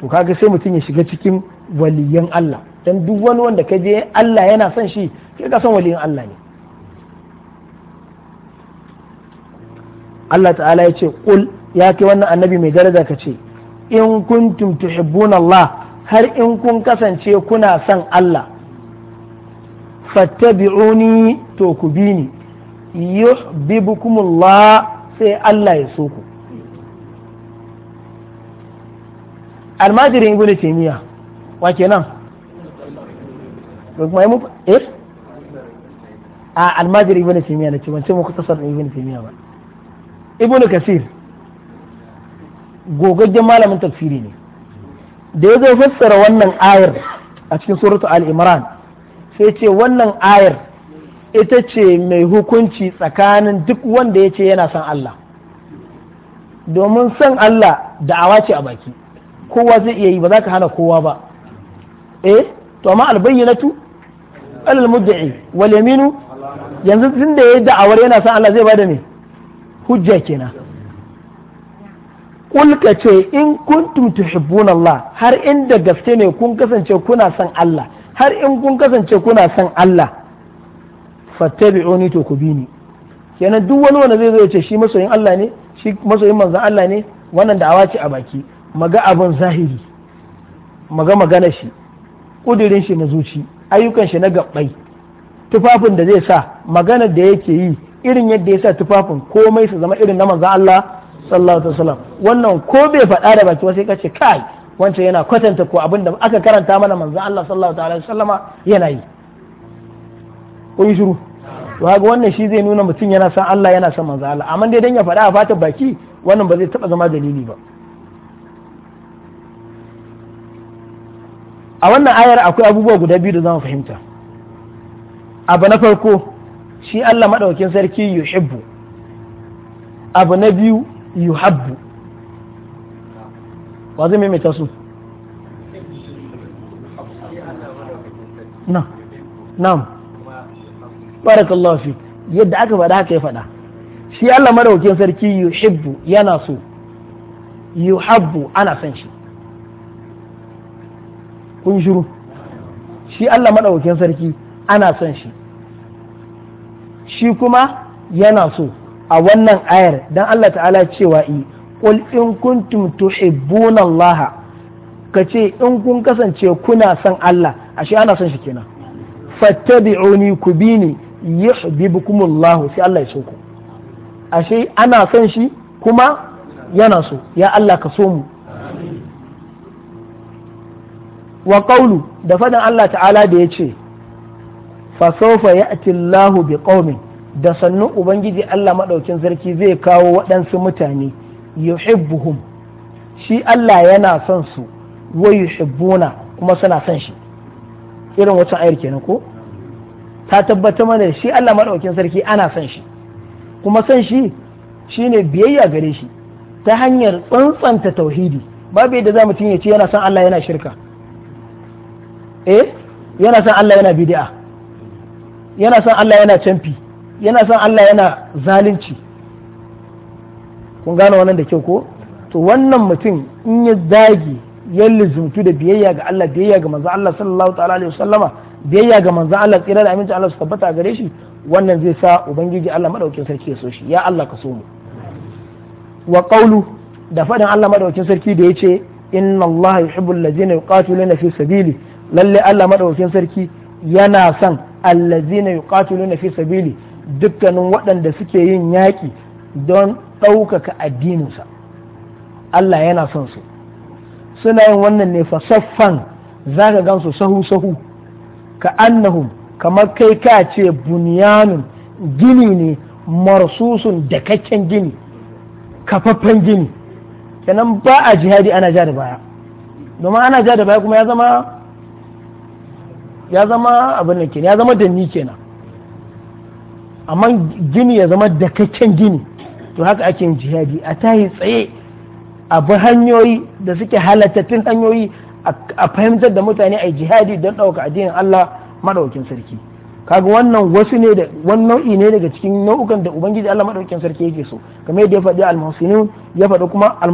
to kaga sai mutum ya shiga cikin waliyan Allah dan duk wani wanda ka je Allah yana son shi ke ka son waliyan Allah ne Allah ta'ala ya ce kul ya kai wannan annabi mai daraja ka ce in kuntum tuhibbuna Allah har in kun kasance kuna son Allah fattabi'uni to ku bi ni yuhibbukumullah sai Allah ya so ku almajirin ibnu taymiya wa kenan kuma mu eh a almajirin ibnu taymiya ne ce wancan mu kusa sanin ibnu taymiya ba ibnu kasir gogaggen malamin tafsiri ne da ya zo fassara wannan ayar a cikin suratu al-imran sai ce wannan ayar ita ce mai hukunci tsakanin duk wanda ya ce yana son Allah domin son Allah da'awa ce a baki kowa zai iya yi ba za ka hana kowa ba eh to amma albayyanatu alal mudda'i wal yaminu yanzu tun da yayi da'awar yana son Allah zai bada ne hujja kenan kulka ce in kuntum tuhibbun Allah har inda gaske ne kun kasance kuna son Allah har in kun kasance kuna son Allah fattabi'uni to ku bini kenan duk wani wanda zai zo ce shi masoyin Allah ne shi masoyin manzon Allah ne wannan da ce a baki maga abin zahiri maga magana shi kudirin shi na zuci ayyukan shi na gabbai tufafin da zai sa magana da yake yi irin yadda ya sa tufafin komai su zama irin na manzan Allah sallallahu alaihi wasallam wannan ko bai faɗa da baki sai ka kai wancan yana kwatanta ko abin da aka karanta mana manzon Allah sallallahu alaihi wasallama yana yi ko yi shiru haka wannan shi zai nuna mutum yana san Allah yana san manzon Allah amma dai dan ya faɗa a fatan baki wannan ba zai taɓa zama dalili ba a wannan ayar akwai abubuwa guda biyu da zamu fahimta abu na farko shi Allah maɗaukin sarki yuhibbu abu na biyu yuhabbu wa zai maimaita su na na'am Allah fi yadda aka faɗa haka ya faɗa shi Allah madaukin sarki yuhibbu yana so yuhabbu ana son shi kun shiru shi Allah madaukin sarki ana son shi shi kuma yana so a wannan ayar dan Allah ta'ala cewa i qul in kuntum tuhibbuna Allah ce in kun kasance kuna son Allah ashe ana son shi kenan fattabi'uni kubini yuhibbukumullahu sai Allah ya so ku ashe ana son shi kuma yana so ya Allah ka so mu wa qawlu da faɗin Allah ta'ala da yace fa sawfa ya'ti Allahu bi qaumin da sannu ubangiji Allah maɗaukin sarki zai kawo waɗansu mutane yuhibbuhum shi Allah yana son su wa yuhibbuna kuma suna son shi irin wata ayar kenan ko ta tabbata mana shi Allah maɗaukin sarki ana son shi kuma son shi shine biyayya gare shi ta hanyar tsantsanta tauhidi babu yadda za mutum ya ce yana son Allah yana shirka eh yana son Allah yana bid'a yana son Allah yana canfi yana son Allah yana zalunci kun gane wannan da kyau ko to wannan mutum in ya zagi ya lizumtu da biyayya ga Allah biyayya ga manzo Allah sallallahu ta'ala alaihi wasallama biyayya ga manzo Allah tsira da aminci Allah su tabbata gare shi wannan zai sa ubangiji Allah madaukakin sarki ya so shi ya Allah ka so mu wa qawlu da faɗin Allah madaukakin sarki da yace inna Allah yuhibbul ladzina yuqatiluna fi sabili lalle Allah madaukakin sarki yana son allazina yuqatiluna fi sabili dukkanin waɗanda suke yin yaƙi don ɗaukaka addininsa Allah yana son su suna yin wannan ne fasaffan za ka gansu sahu-sahu ka annahum kamar kai ka ce bunyanun gini ne marsusun dakakken gini kafaffen gini kenan ba a jihadi ana ja da baya domin ana ja da baya kuma ya zama abin da kenan ya zama da ni kenan amma gini ya zama dakakken gini to haka ake yin jihadi a tahi tsaye a bi hanyoyi da suke halattattun hanyoyi a fahimtar da mutane a jihadi don ɗauka addinin Allah maɗaukin sarki kaga wannan wasu ne da wani nau'i ne daga cikin nau'ukan da ubangiji Allah maɗaukin sarki yake so kamar yadda ya faɗi al-muhsinin ya faɗi kuma al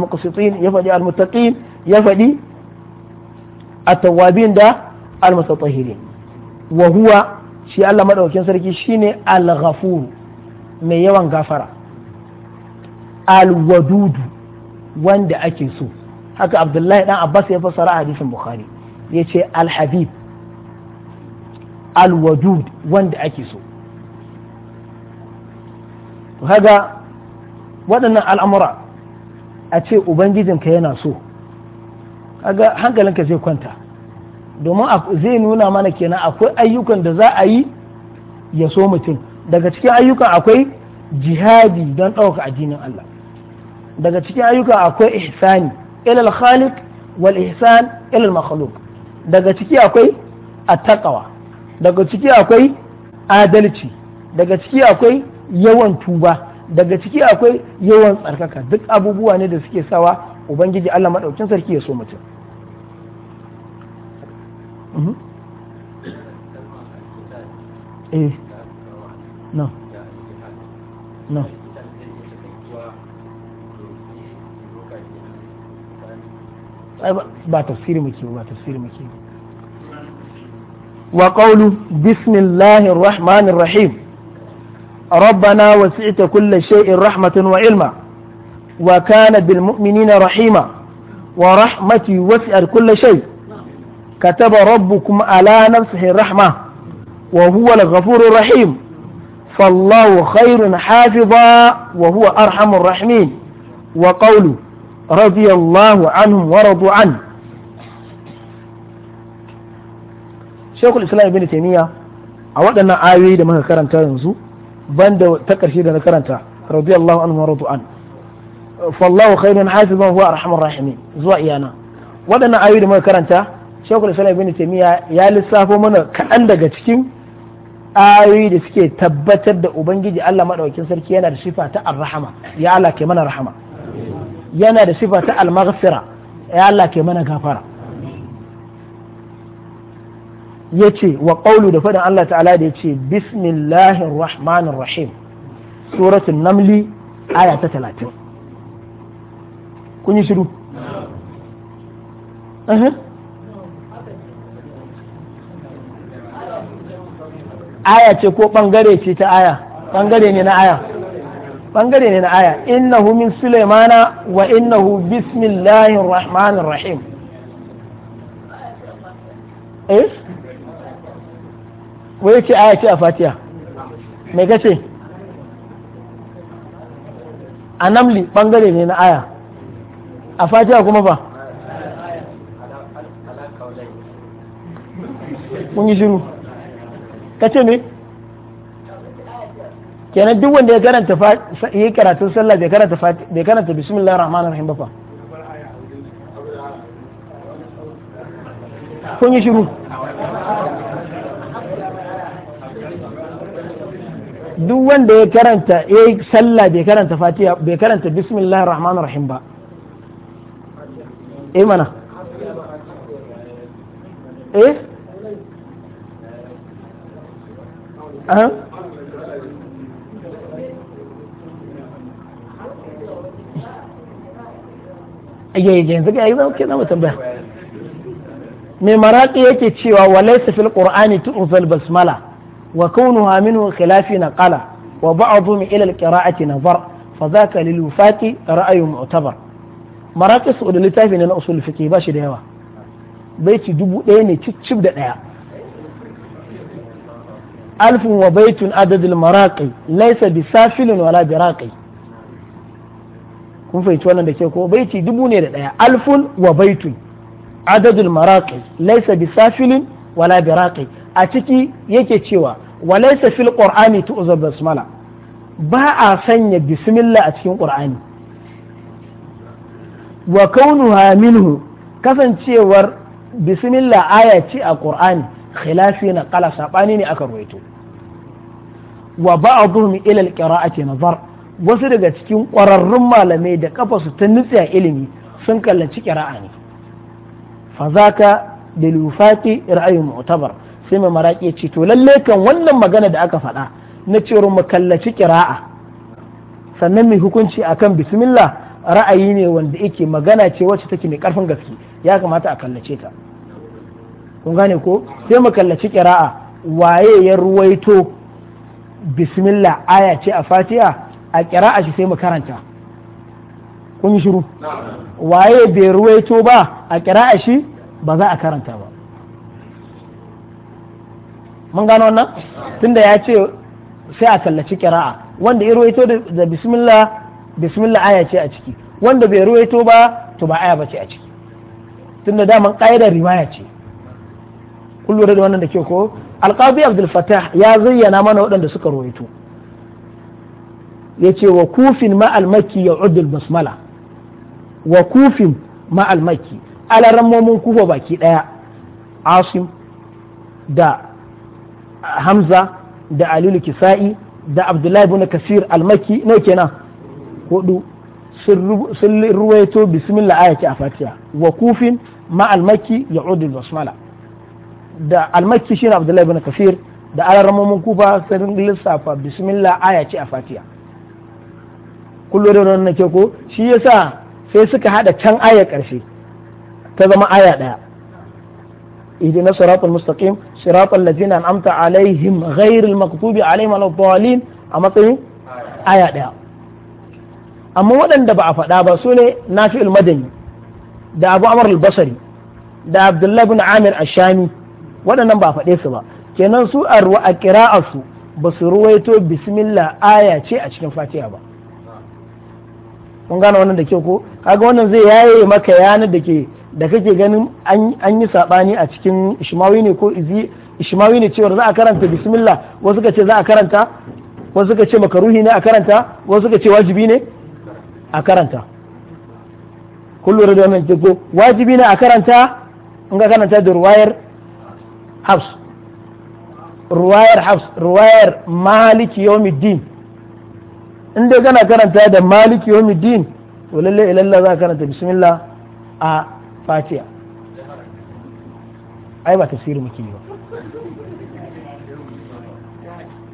ya faɗi al ya faɗi at-tawwabin da al-mutatahhirin wa huwa shi Allah maɗaukin sarki shine al-ghafur mai yawan gafara al-wadudu wanda ake so haka Abdullahi dan Abbas ya fassara hadisin Bukhari yace al-habib al-wadud wanda ake so kaga waɗannan al'amura a ce ubangijinka yana so haka hankalinka zai kwanta domin zai nuna mana kenan akwai ayyukan da za a yi ya so mutum daga cikin ayyukan akwai jihadi don ɗauka addinin Allah daga cikin ayyukan akwai ihsani ilal khaliq wal ihsan ilal makhluq daga ciki akwai attaqwa daga ciki akwai adalci daga ciki akwai yawan tuba daga ciki akwai yawan tsarkaka duk abubuwa ne da suke sawa ubangiji Allah madaukin sarki ya so mutum ايه نعم نعم ba أيوة، تفسير muke ba تفسير muke وقول بسم الله الرحمن الرحيم ربنا وسعت كل شيء رحمة وعلما وكان بالمؤمنين رحيما ورحمتي وسعت كل شيء kataba rabbukum ala nafsihi rahma wa huwa al-ghafurur rahim fallahu khairun hafiza wa huwa arhamur rahimin wa qawlu radiyallahu anhum wa radu an Shekul Islam Ibn Taymiyyah a waɗannan ayoyi da muka karanta yanzu banda ta ƙarshe da na karanta radiyallahu anhu wa radu an fallahu khairun hafizan huwa arhamur zuwa iyana da muka karanta shekul islam ibn taimiyya ya lissafo mana kaɗan daga cikin ayoyi da suke tabbatar da ubangiji allah maɗaukin sarki yana da sifa ta arrahama ya allah ke mana rahama yana da sifa ta almaghfira ya allah ke mana gafara ya ce wa ƙaulu da faɗin allah ta'ala da ya ce bismillahir rahmanir rahim suratul namli aya ta talatin kun yi shiru aya ce ko bangare ce ta aya bangare ne na aya bangare ne na aya innahu min sulaimana wa innahu bismillahir rahmanir rahim eh wai ce aya ce a fatiha mai kace a namli bangare ne na aya a fatiha kuma ba mun yi shiru ka ce me kenan duk wanda ya karanta yi karatun sallah bai karanta bai karanta bismillahir rahman rahim ba fa kun yi shiru duk wanda ya karanta ya yi sallah bai karanta fatiha bai karanta bismillahir rahman rahim ba eh mana eh yanzu ga yanzu ke zama tambaya mai maraƙi yake cewa wa laysa fil qur'ani tu'fal basmala wa kaunuha minhu khilafi naqala wa ba'dhum ila al qira'ati nazar fa dhaka lil wufati ra'ayu mu'tabar maraƙi su da littafi ne na usul fiqh ba shi da yawa ci dubu ɗaya ne cicib da ɗaya ألف وبيت عدد المراقي ليس بسافل ولا براقي kun fahimci wannan da ke ko baiti dubu ne da ɗaya alfun wa baitun adadul maraqi laisa bi safilin wala biraqi a ciki yake cewa wa laisa fil qur'ani tu'za basmala ba a sanya bismillah a cikin qur'ani wa kaunuha minhu kasancewar bismillah aya ce a qur'ani khilasi na kala sabani ne aka ruwaito wa ba'dhum ila al nazar wasu daga cikin ƙwararrun malamai da kafasu ta nutsiya ilimi sun kallaci kiraa ne fa zaka bil wufati ra'ayin mu'tabar sai mai maraƙi ce to lalle kan wannan magana da aka faɗa na cewar mu kallaci ƙira'a sannan mai hukunci akan bismillah ra'ayi ne wanda yake magana ce wacce take mai ƙarfin gaske ya kamata a kallace ta kun gane ko sai mu kallaci kira'a waye ya ruwaito bismillah aya ce a fatiha a kira'a shi sai mu karanta kun yi shiru waye bai ruwaito ba a kira'a shi ba za a karanta ba mun gano wannan tunda ya ce sai a kallaci kira'a wanda ya ruwaito da bismillah bismillah aya ce a ciki wanda bai ruwaito ba to ba aya ba ce a ciki tunda daman ƙa'idar riwaya ce kun da wannan da ke ko alqabi abdul fatah ya zayyana mana waɗanda suka rawaito ya ce wa kufin ma makki ya udul basmala wa kufin ma'al makki alarammomin kufa baki ɗaya asim da hamza da alilu kisa'i da abdullahi ibn kasir almaki ne kenan hudu sun ruwaito bismillah ayati a fatiha wa kufin ma makki ya udul basmala da almakki shi abdullahi bin kafir da alarmomin kufa sun lissafa bismillah aya ce a Fatiya. Kullum da wannan ke ko shi yasa sai suka hada can aya karshe ta zama aya daya ihdina siratal mustaqim siratal ladzina an'amta alaihim ghairil maghdubi alaihim waladdallin a matsayin aya daya amma waɗanda ba a faɗa ba su ne nafi'ul madani da abu amr al-basri da abdullahi bin amir ashami waɗannan ba faɗe su ba kenan su a ruwa a su ba su ruwaito bismillah aya ce a cikin fatiha ba kun gane wannan da ke ko kaga wannan zai yaye maka yanar da ke da kake ganin an yi saɓani a cikin ishmawi ne ko izi ishmawi ne cewar za a karanta bismillah wasu ka ce za a karanta wasu ka ce makaruhi ne a karanta wasu ka ce wajibi ne a karanta kullum da wannan ko wajibi ne a karanta in ka karanta da ruwayar حفص ruwayar حفص maliki يوم الدين dai kana karanta da maliki yawmiddin to lalle ilalla za karanta bismillah a fatiha ai ba tafsiri muke yi ba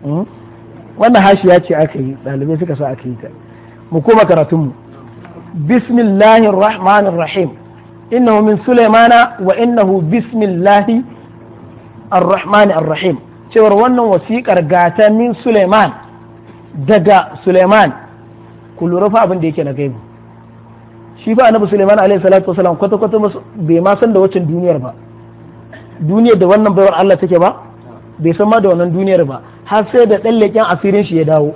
hmm? wannan hashiya ce aka yi ɗalibai suka sa aka yi ta mu koma karatunmu bismillahir rahmanir rahim innahu min sulaimana wa innahu bismillahi الرحمن الرحيم cewar wannan wasikar gata min suleiman daga suleiman ku lura fa abin da yake na gaibu shi ba annabi suleiman alaihi salatu wasalam kwata kwata bai ma san da waccan duniyar ba duniyar da wannan baiwar Allah take ba bai san ma da wannan duniyar ba har sai da dan asirin shi ya dawo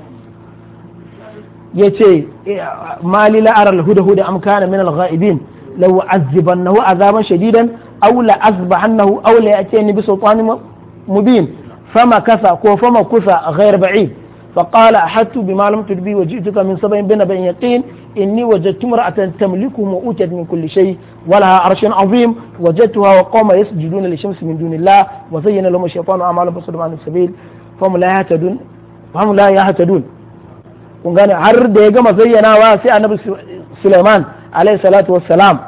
ya ce eh, mali la aral huda huda am kana min al-ghaibin law azibannahu azaban shadidan aula azba annahu aula ya ce ni bi sultani mubin fama kasa ko fama kusa ghayr ba'id fa qala hatu bima lam tudbi wajituka min sabain bin bin yaqin inni wajadtu mar'atan tamliku wa utad min kulli shay wa laha arshun azim wa qama yasjuduna li shamsi min dunillah wa zayyana lahum shaytanu a'malahum bi sudman sabil fam la yahtadun fam la kun gane har da ya gama zayyana wa sai annabi sulaiman alayhi salatu wassalam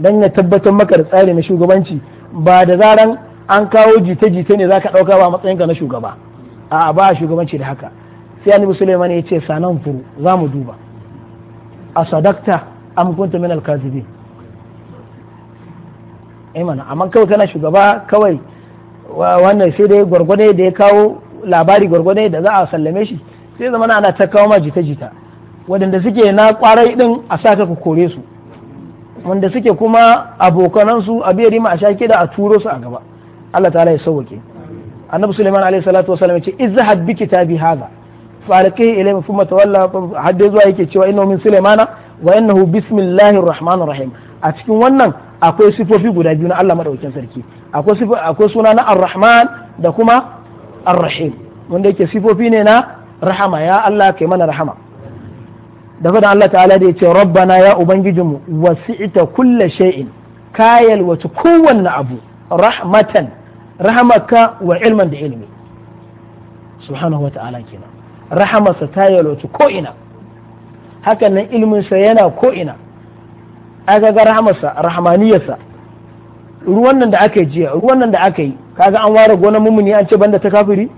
dan ya tabbatar maka da tsari na shugabanci ba da zaran an kawo jita-jita ne za ka ɗauka ba matsayin ka na shugaba a ba shugabanci da haka sai annabi Sulaiman ya ce sanan furu za mu duba a sadakta am kunta min al-kazibin imana eh amma kawai kana shugaba kawai wannan sai dai gwargwane da ya kawo labari gwargwane da za a sallame shi sai zama ana ta kawo ma jita-jita waɗanda suke na kwarai din a saka ka kore su wanda suke kuma abokanansu a biyar rima a sha kida a turo su a gaba Allah ta'ala ya sauwake annabi Sulaiman alaihi salatu wasallam ya ce izhab bi kitabi hadha fa alqihi ilayhi thumma tawalla hadda zuwa yake cewa innahu min Sulaimana wa innahu bismillahir rahmanir rahim a cikin wannan akwai sifofi guda biyu na Allah madaukakin sarki akwai sifo akwai suna na ar-rahman da kuma ar-rahim wanda yake sifofi ne na rahama ya Allah kai mana rahama da faɗin Allah ta'ala da ya ce rabbana ya ubangijinmu wasi'ita kulle shay'in kayal wata kowanne abu rahmatan rahamaka wa ilman da ilmi subhanahu wa ta'ala kenan rahamarsa ta yalwata ko'ina hakan nan ilminsa yana ko'ina aka ga rahamarsa rahamaniyarsa ruwan nan da aka yi jiya ruwan nan da aka yi kaga an ware gonar mumuni an ce banda ta kafiri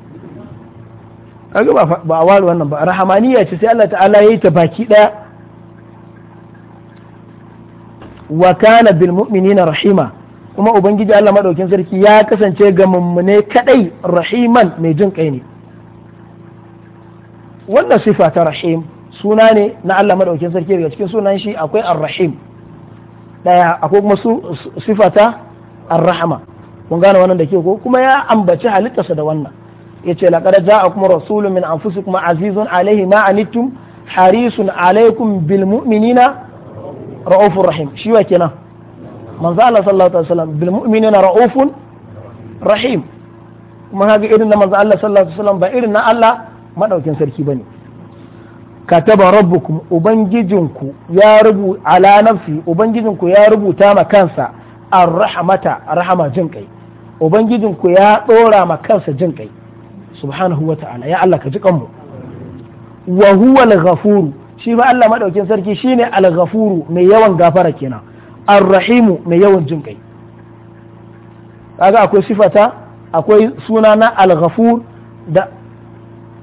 kaga ba a ware wannan ba rahamaniya ce sai Allah ta'ala yayi ta baki daya wa kana bil mu'minina rahima kuma ubangiji Allah madaukin sarki ya kasance ga mummune kadai rahiman mai jin kai ne wannan sifa ta rahim suna ne na Allah madaukin sarki daga cikin sunan shi akwai ar-rahim daya akwai kuma sifa ta ar-rahama kun gane wannan da ke ko kuma ya ambaci halittarsa da wannan yace laqad ja'akum rasulun min anfusikum azizun alaihi ma anittum harisun alaikum bil mu'minina ra'ufur rahim shi wa kenan manzo Allah sallallahu alaihi wasallam bil mu'minina ra'ufun rahim kuma kaga irin na manzo Allah sallallahu alaihi wasallam ba irin na Allah madaukin sarki bane kataba rabbukum ubangijinku ya rubu ala nafsi ubangijinku ya rubuta ma kansa ar-rahmata rahama jin kai ubangijinku ya dora ma kansa jin kai subhanahu wa ta'ala ya Allah ka ji kanmu wa huwa al shi ma Allah madaukin sarki shine al-ghafuru mai yawan gafara kenan ar-rahimu mai yawan jin kai kaga akwai sifata akwai suna na al-ghafur da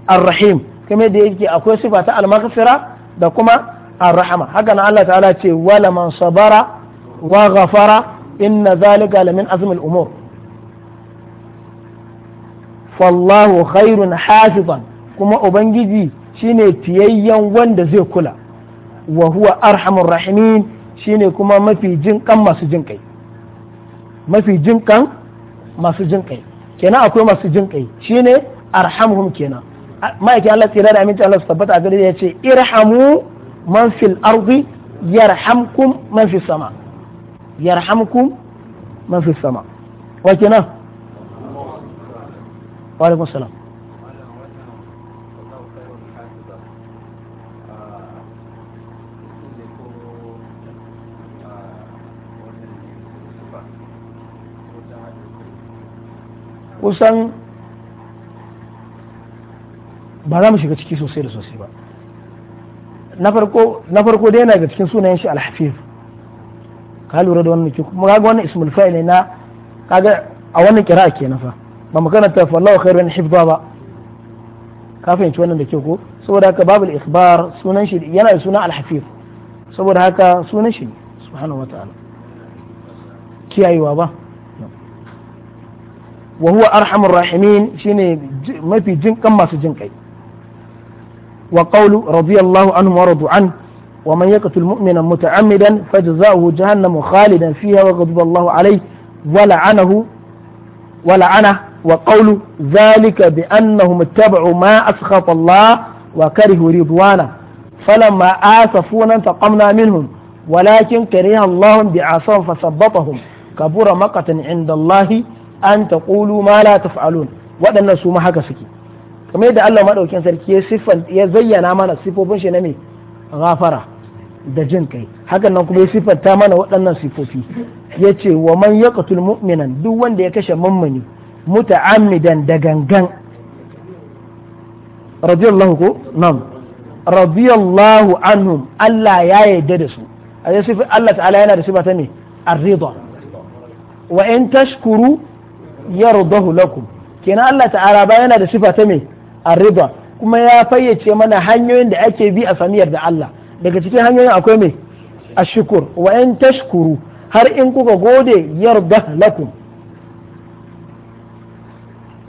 ar-rahim kamar da yake akwai sifata al-maghfira da kuma ar-rahama haka nan Allah ta'ala ce wala man sabara wa ghafara inna zalika lamin azmil umur Wallahu khairun hafizan kuma ubangiji shine fiyayyen wanda zai kula wa huwa arhamur rahimin shine kuma mafi jin kan masu jin kai mafi kenan akwai masu jin kai shine arhamhum kenan ma'aikin Allah tsira da aminci Allah su tabbata a gare ya ce irhamu man fil ardi yarhamkum man fis man sama وعليكم السلام kusan ba za mu shiga ciki sosai da sosai ba na farko dai yana ga cikin sunayen shi alhafif ka lura da wannan kuma ga wannan ismul fa'il ne na kaga a wannan kira kenan fa ba mu karanta fallahu khairun hifza ba ka fahimci wannan da ke ko saboda haka babul ikhbar sunan shi yana da sunan al-hafiz saboda haka sunan shi subhanahu wataala kiyayewa ba wa huwa arhamur rahimin shine mafi jinkan masu jinkai wa qawlu radiyallahu anhu wa radu an wa man yaqtul mu'mina muta'ammidan fajza'uhu jahannam khalidan fiha wa ghadiba Allahu alayhi wa la'anahu wa la'ana وقول ذلك بأنهم اتبعوا ما أسخط الله وكرهوا رضوانه فلما آسفونا انتقمنا منهم ولكن كره الله بعصاهم فثبطهم كبر مقة عند الله أن تقولوا ما لا تفعلون وأن سوما حكا سكي كما يدى الله مدعوكين سركي صفا يزين أمانا صفوفين شنمي غافرة da jin kai hakan nan kuma ya siffanta mana waɗannan sifofi ya ce wa man yaqtul mu'minan duk wanda ya kashe mummuni muta'ammidan da gangan radiyallahu ko nan radiyallahu anhum Allah ya yarda da su a yasi Allah ta'ala yana da sifa ta ne ar wa in tashkuru yardahu lakum kenan Allah ta'ala ba yana da sifata ta me kuma ya fayyace mana hanyoyin da ake bi a samiyar da Allah daga cikin hanyoyin akwai mai ashukur. wa in tashkuru har in kuka gode yarda lakum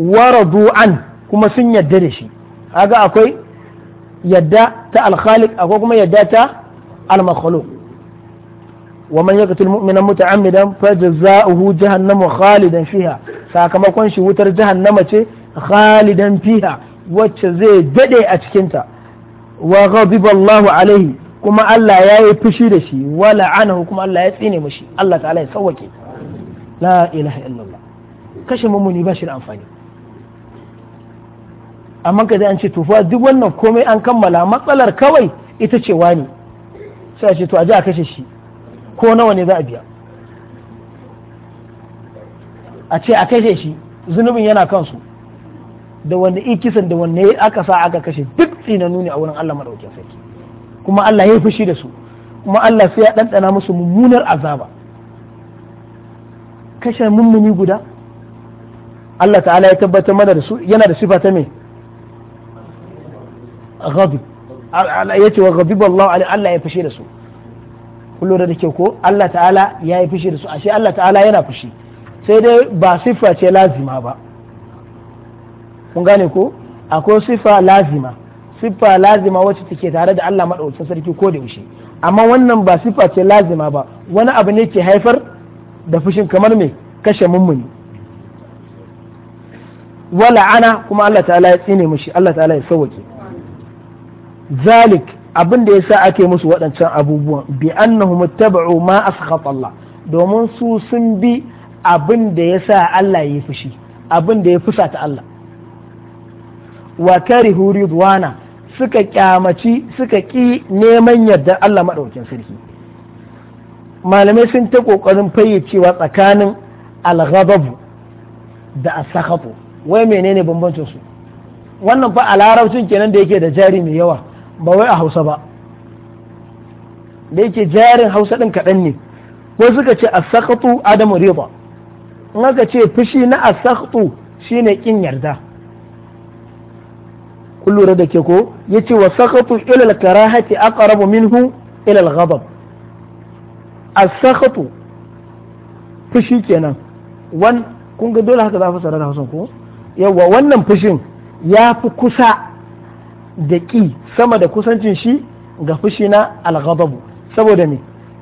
waradu an kuma sun yadda da shi haka akwai yadda ta alkhaliq akwai kuma yadda ta almakhluq wa man yaqtul mu'mina muta'ammidan fajza'uhu jahannamu khalidan fiha sakamakon shi wutar jahannama ce khalidan fiha wacce zai dade a cikin ta wa ghadiba Allahu alaihi kuma Allah ya yi fushi da shi wa la'anahu kuma Allah ya tsine mishi Allah ta'ala ya sauwake la ilaha illallah kashe mumuni ba shi da amfani amma ka an ce to duk wannan komai an kammala matsalar kawai ita ce wani sai a ce to a ji a kashe shi ko nawa ne za a biya a ce a kashe shi zunubin yana kansu da wanda kisan da wanne aka sa aka kashe duk tsinanu ne a wurin Allah madaukakin sarki kuma Allah ya fushi da su kuma Allah sai ya ɗanɗana musu mummunar azaba kashe mummuni guda Allah ta'ala ya tabbatar mana da su yana da sifa ta mai. ghadib ya ce wa ghadib Allah Allah ya fushi da su kullu da ke ko Allah ta'ala ya yi fushi da su ashe Allah ta'ala yana fushi sai dai ba siffa ce lazima ba kun gane ko akwai siffa lazima siffa lazima wacce take tare da Allah madaukakin sarki ko da yaushe amma wannan ba siffa ce lazima ba wani abu ne ke haifar da fushin kamar me kashe mummuni wala ana kuma Allah ta'ala ya tsine mushi Allah ta'ala ya sauke zalik abin da yasa ake musu waɗancan abubuwan bi annahum ittaba'u ma askhata Allah domin su sun bi abin da yasa Allah ya fushi abin da ya fusata Allah wa karihu ridwana suka kyamaci suka ki neman yadda Allah madaukin sarki malamai sun ta kokarin fayyacewa tsakanin al-ghadab da as wai menene bambancin su wannan fa a larabcin kenan da yake da jari mai yawa ba wai a hausa ba da yake jarin hausa ɗin kaɗan ne ko suka ce asakatu adamu riba in aka ce fushi na asakatu shine ƙin yarda kun lura da ke ko ya ce wa sakatu ilal karahati aqrabu minhu ilal ghadab asakatu fushi kenan wan kun ga dole haka za a fasara da hausa ko yawa wannan fushin ya fi kusa da ƙi sama da kusancin shi ga fushi na alghababu saboda me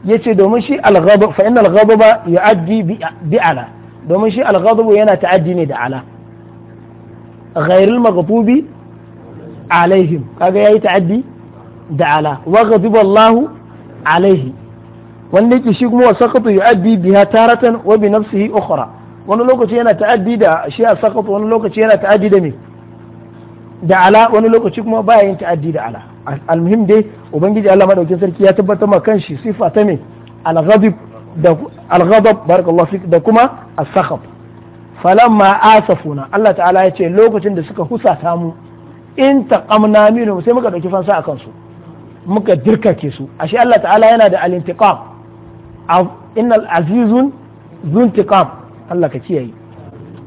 yace domin shi alghababu fa inna alghadaba yu'addi bi ala domin shi alghababu yana ta'addi ne da ala ghairul maghdubi alaihim kaga yayi ta'addi da ala wa ghadiba Allah alaihi wanda yake shi kuma wasaqatu yu'addi biha taratan wa bi nafsihi ukhra wani lokaci yana ta'addi da shi a wani lokaci yana ta'addi da me da ala wani lokaci kuma baya yin ta'addi da ala almuhim dai ubangiji Allah madaukin sarki ya tabbatar ma kanshi sifa ta me al-ghadab da al-ghadab barakallahu fik da kuma as-sakhab falamma asafuna Allah ta'ala ya ce lokacin da suka husata mu in taqamna minhum sai muka dauki fansa akan su muka dirkake su ashe Allah ta'ala yana da al-intiqam innal azizun zuntiqam Allah ka kiyaye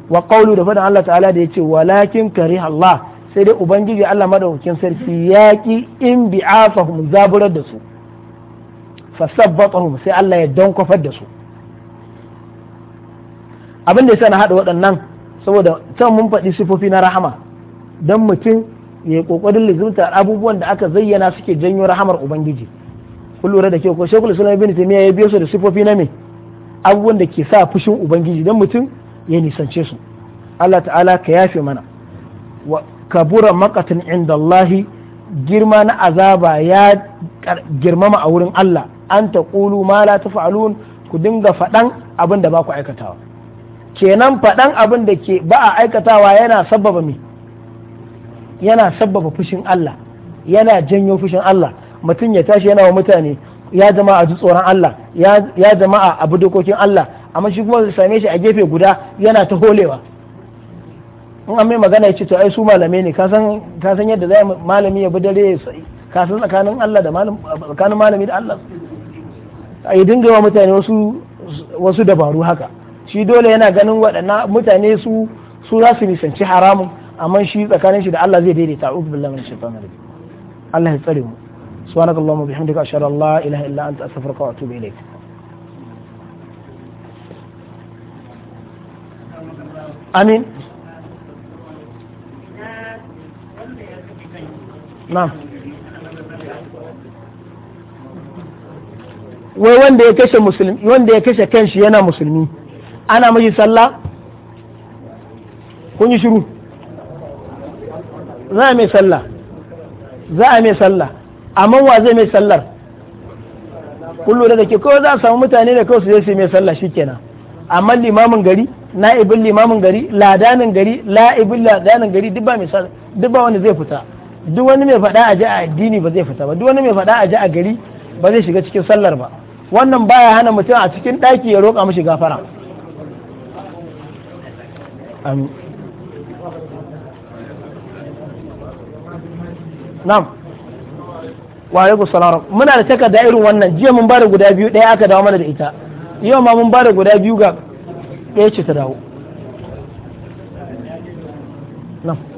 wa qawlu da fadan Allah ta'ala da yace walakin kariha Allah sai dai ubangiji Allah madaukakin sarki ya ki in bi'afahum zaburar da su fasabbatahum sai Allah ya kwafar da su abin da yasa na hada waɗannan saboda can mun faɗi sifofi na rahama don mutum ya yi kokarin lizimta abubuwan da aka zayyana suke janyo rahamar ubangiji kun lura da ke ko shekul suna ibn taymiya ya biyo su da sifofi na me abubuwan da ke sa fushin ubangiji don mutum ya nisance su Allah ta'ala ka yafe mana kabura makatin inda Allahi girma na azaba ya girmama a wurin Allah an ta ƙulu ma la tafa'alun ku dinga faɗan abin da ba ku aikatawa kenan faɗan abin da ke ba a aikatawa yana sabbaba mi yana sabbaba fushin Allah yana janyo fushin Allah mutum ya tashi yana wa mutane ya jama'a ji tsoron Allah ya jama'a abu dokokin Allah amma shi kuma same shi a gefe guda yana ta holewa in an mai magana ya ce to ai su malamai ne ka san yadda zai malami ya bi dare ya sai ka san tsakanin Allah da malam tsakanin malami da Allah a yi dinga wa mutane wasu wasu dabaru haka shi dole yana ganin waɗannan mutane su su za su nisanci haramun amma shi tsakanin shi da Allah zai daidaita ubu billahi min shaitanir Allah ya tsare mu subhanakallahumma bihamdika ashhadu an la ilaha illa anta astaghfiruka wa atubu ilayk amin na wai wanda ya kashe musulmi wanda ya kashe kanshi yana musulmi ana mashi sallah kun yi shiru za a mai sallah za a mai sallah amma wa zai mai sallar kullu da ke ko za a samu mutane da kawai su zai su mai sallah shikenan amma limamin gari na'ibin limamin gari ladanin gari la'ibin ladanin gari duk ba mai sallah duk ba wanda zai fita duk wani mai faɗa a ji a addini ba zai fita ba duk wani mai faɗa a ji a gari ba zai shiga cikin sallar ba wannan baya hana mutum a cikin ɗaki ya roƙa mashi gafara nam wa alaikum salam muna da takarda irin wannan jiya mun bada guda biyu ɗaya aka dawo mana da ita yau ma mun bada guda biyu ga ɗaya ce ta dawo nam.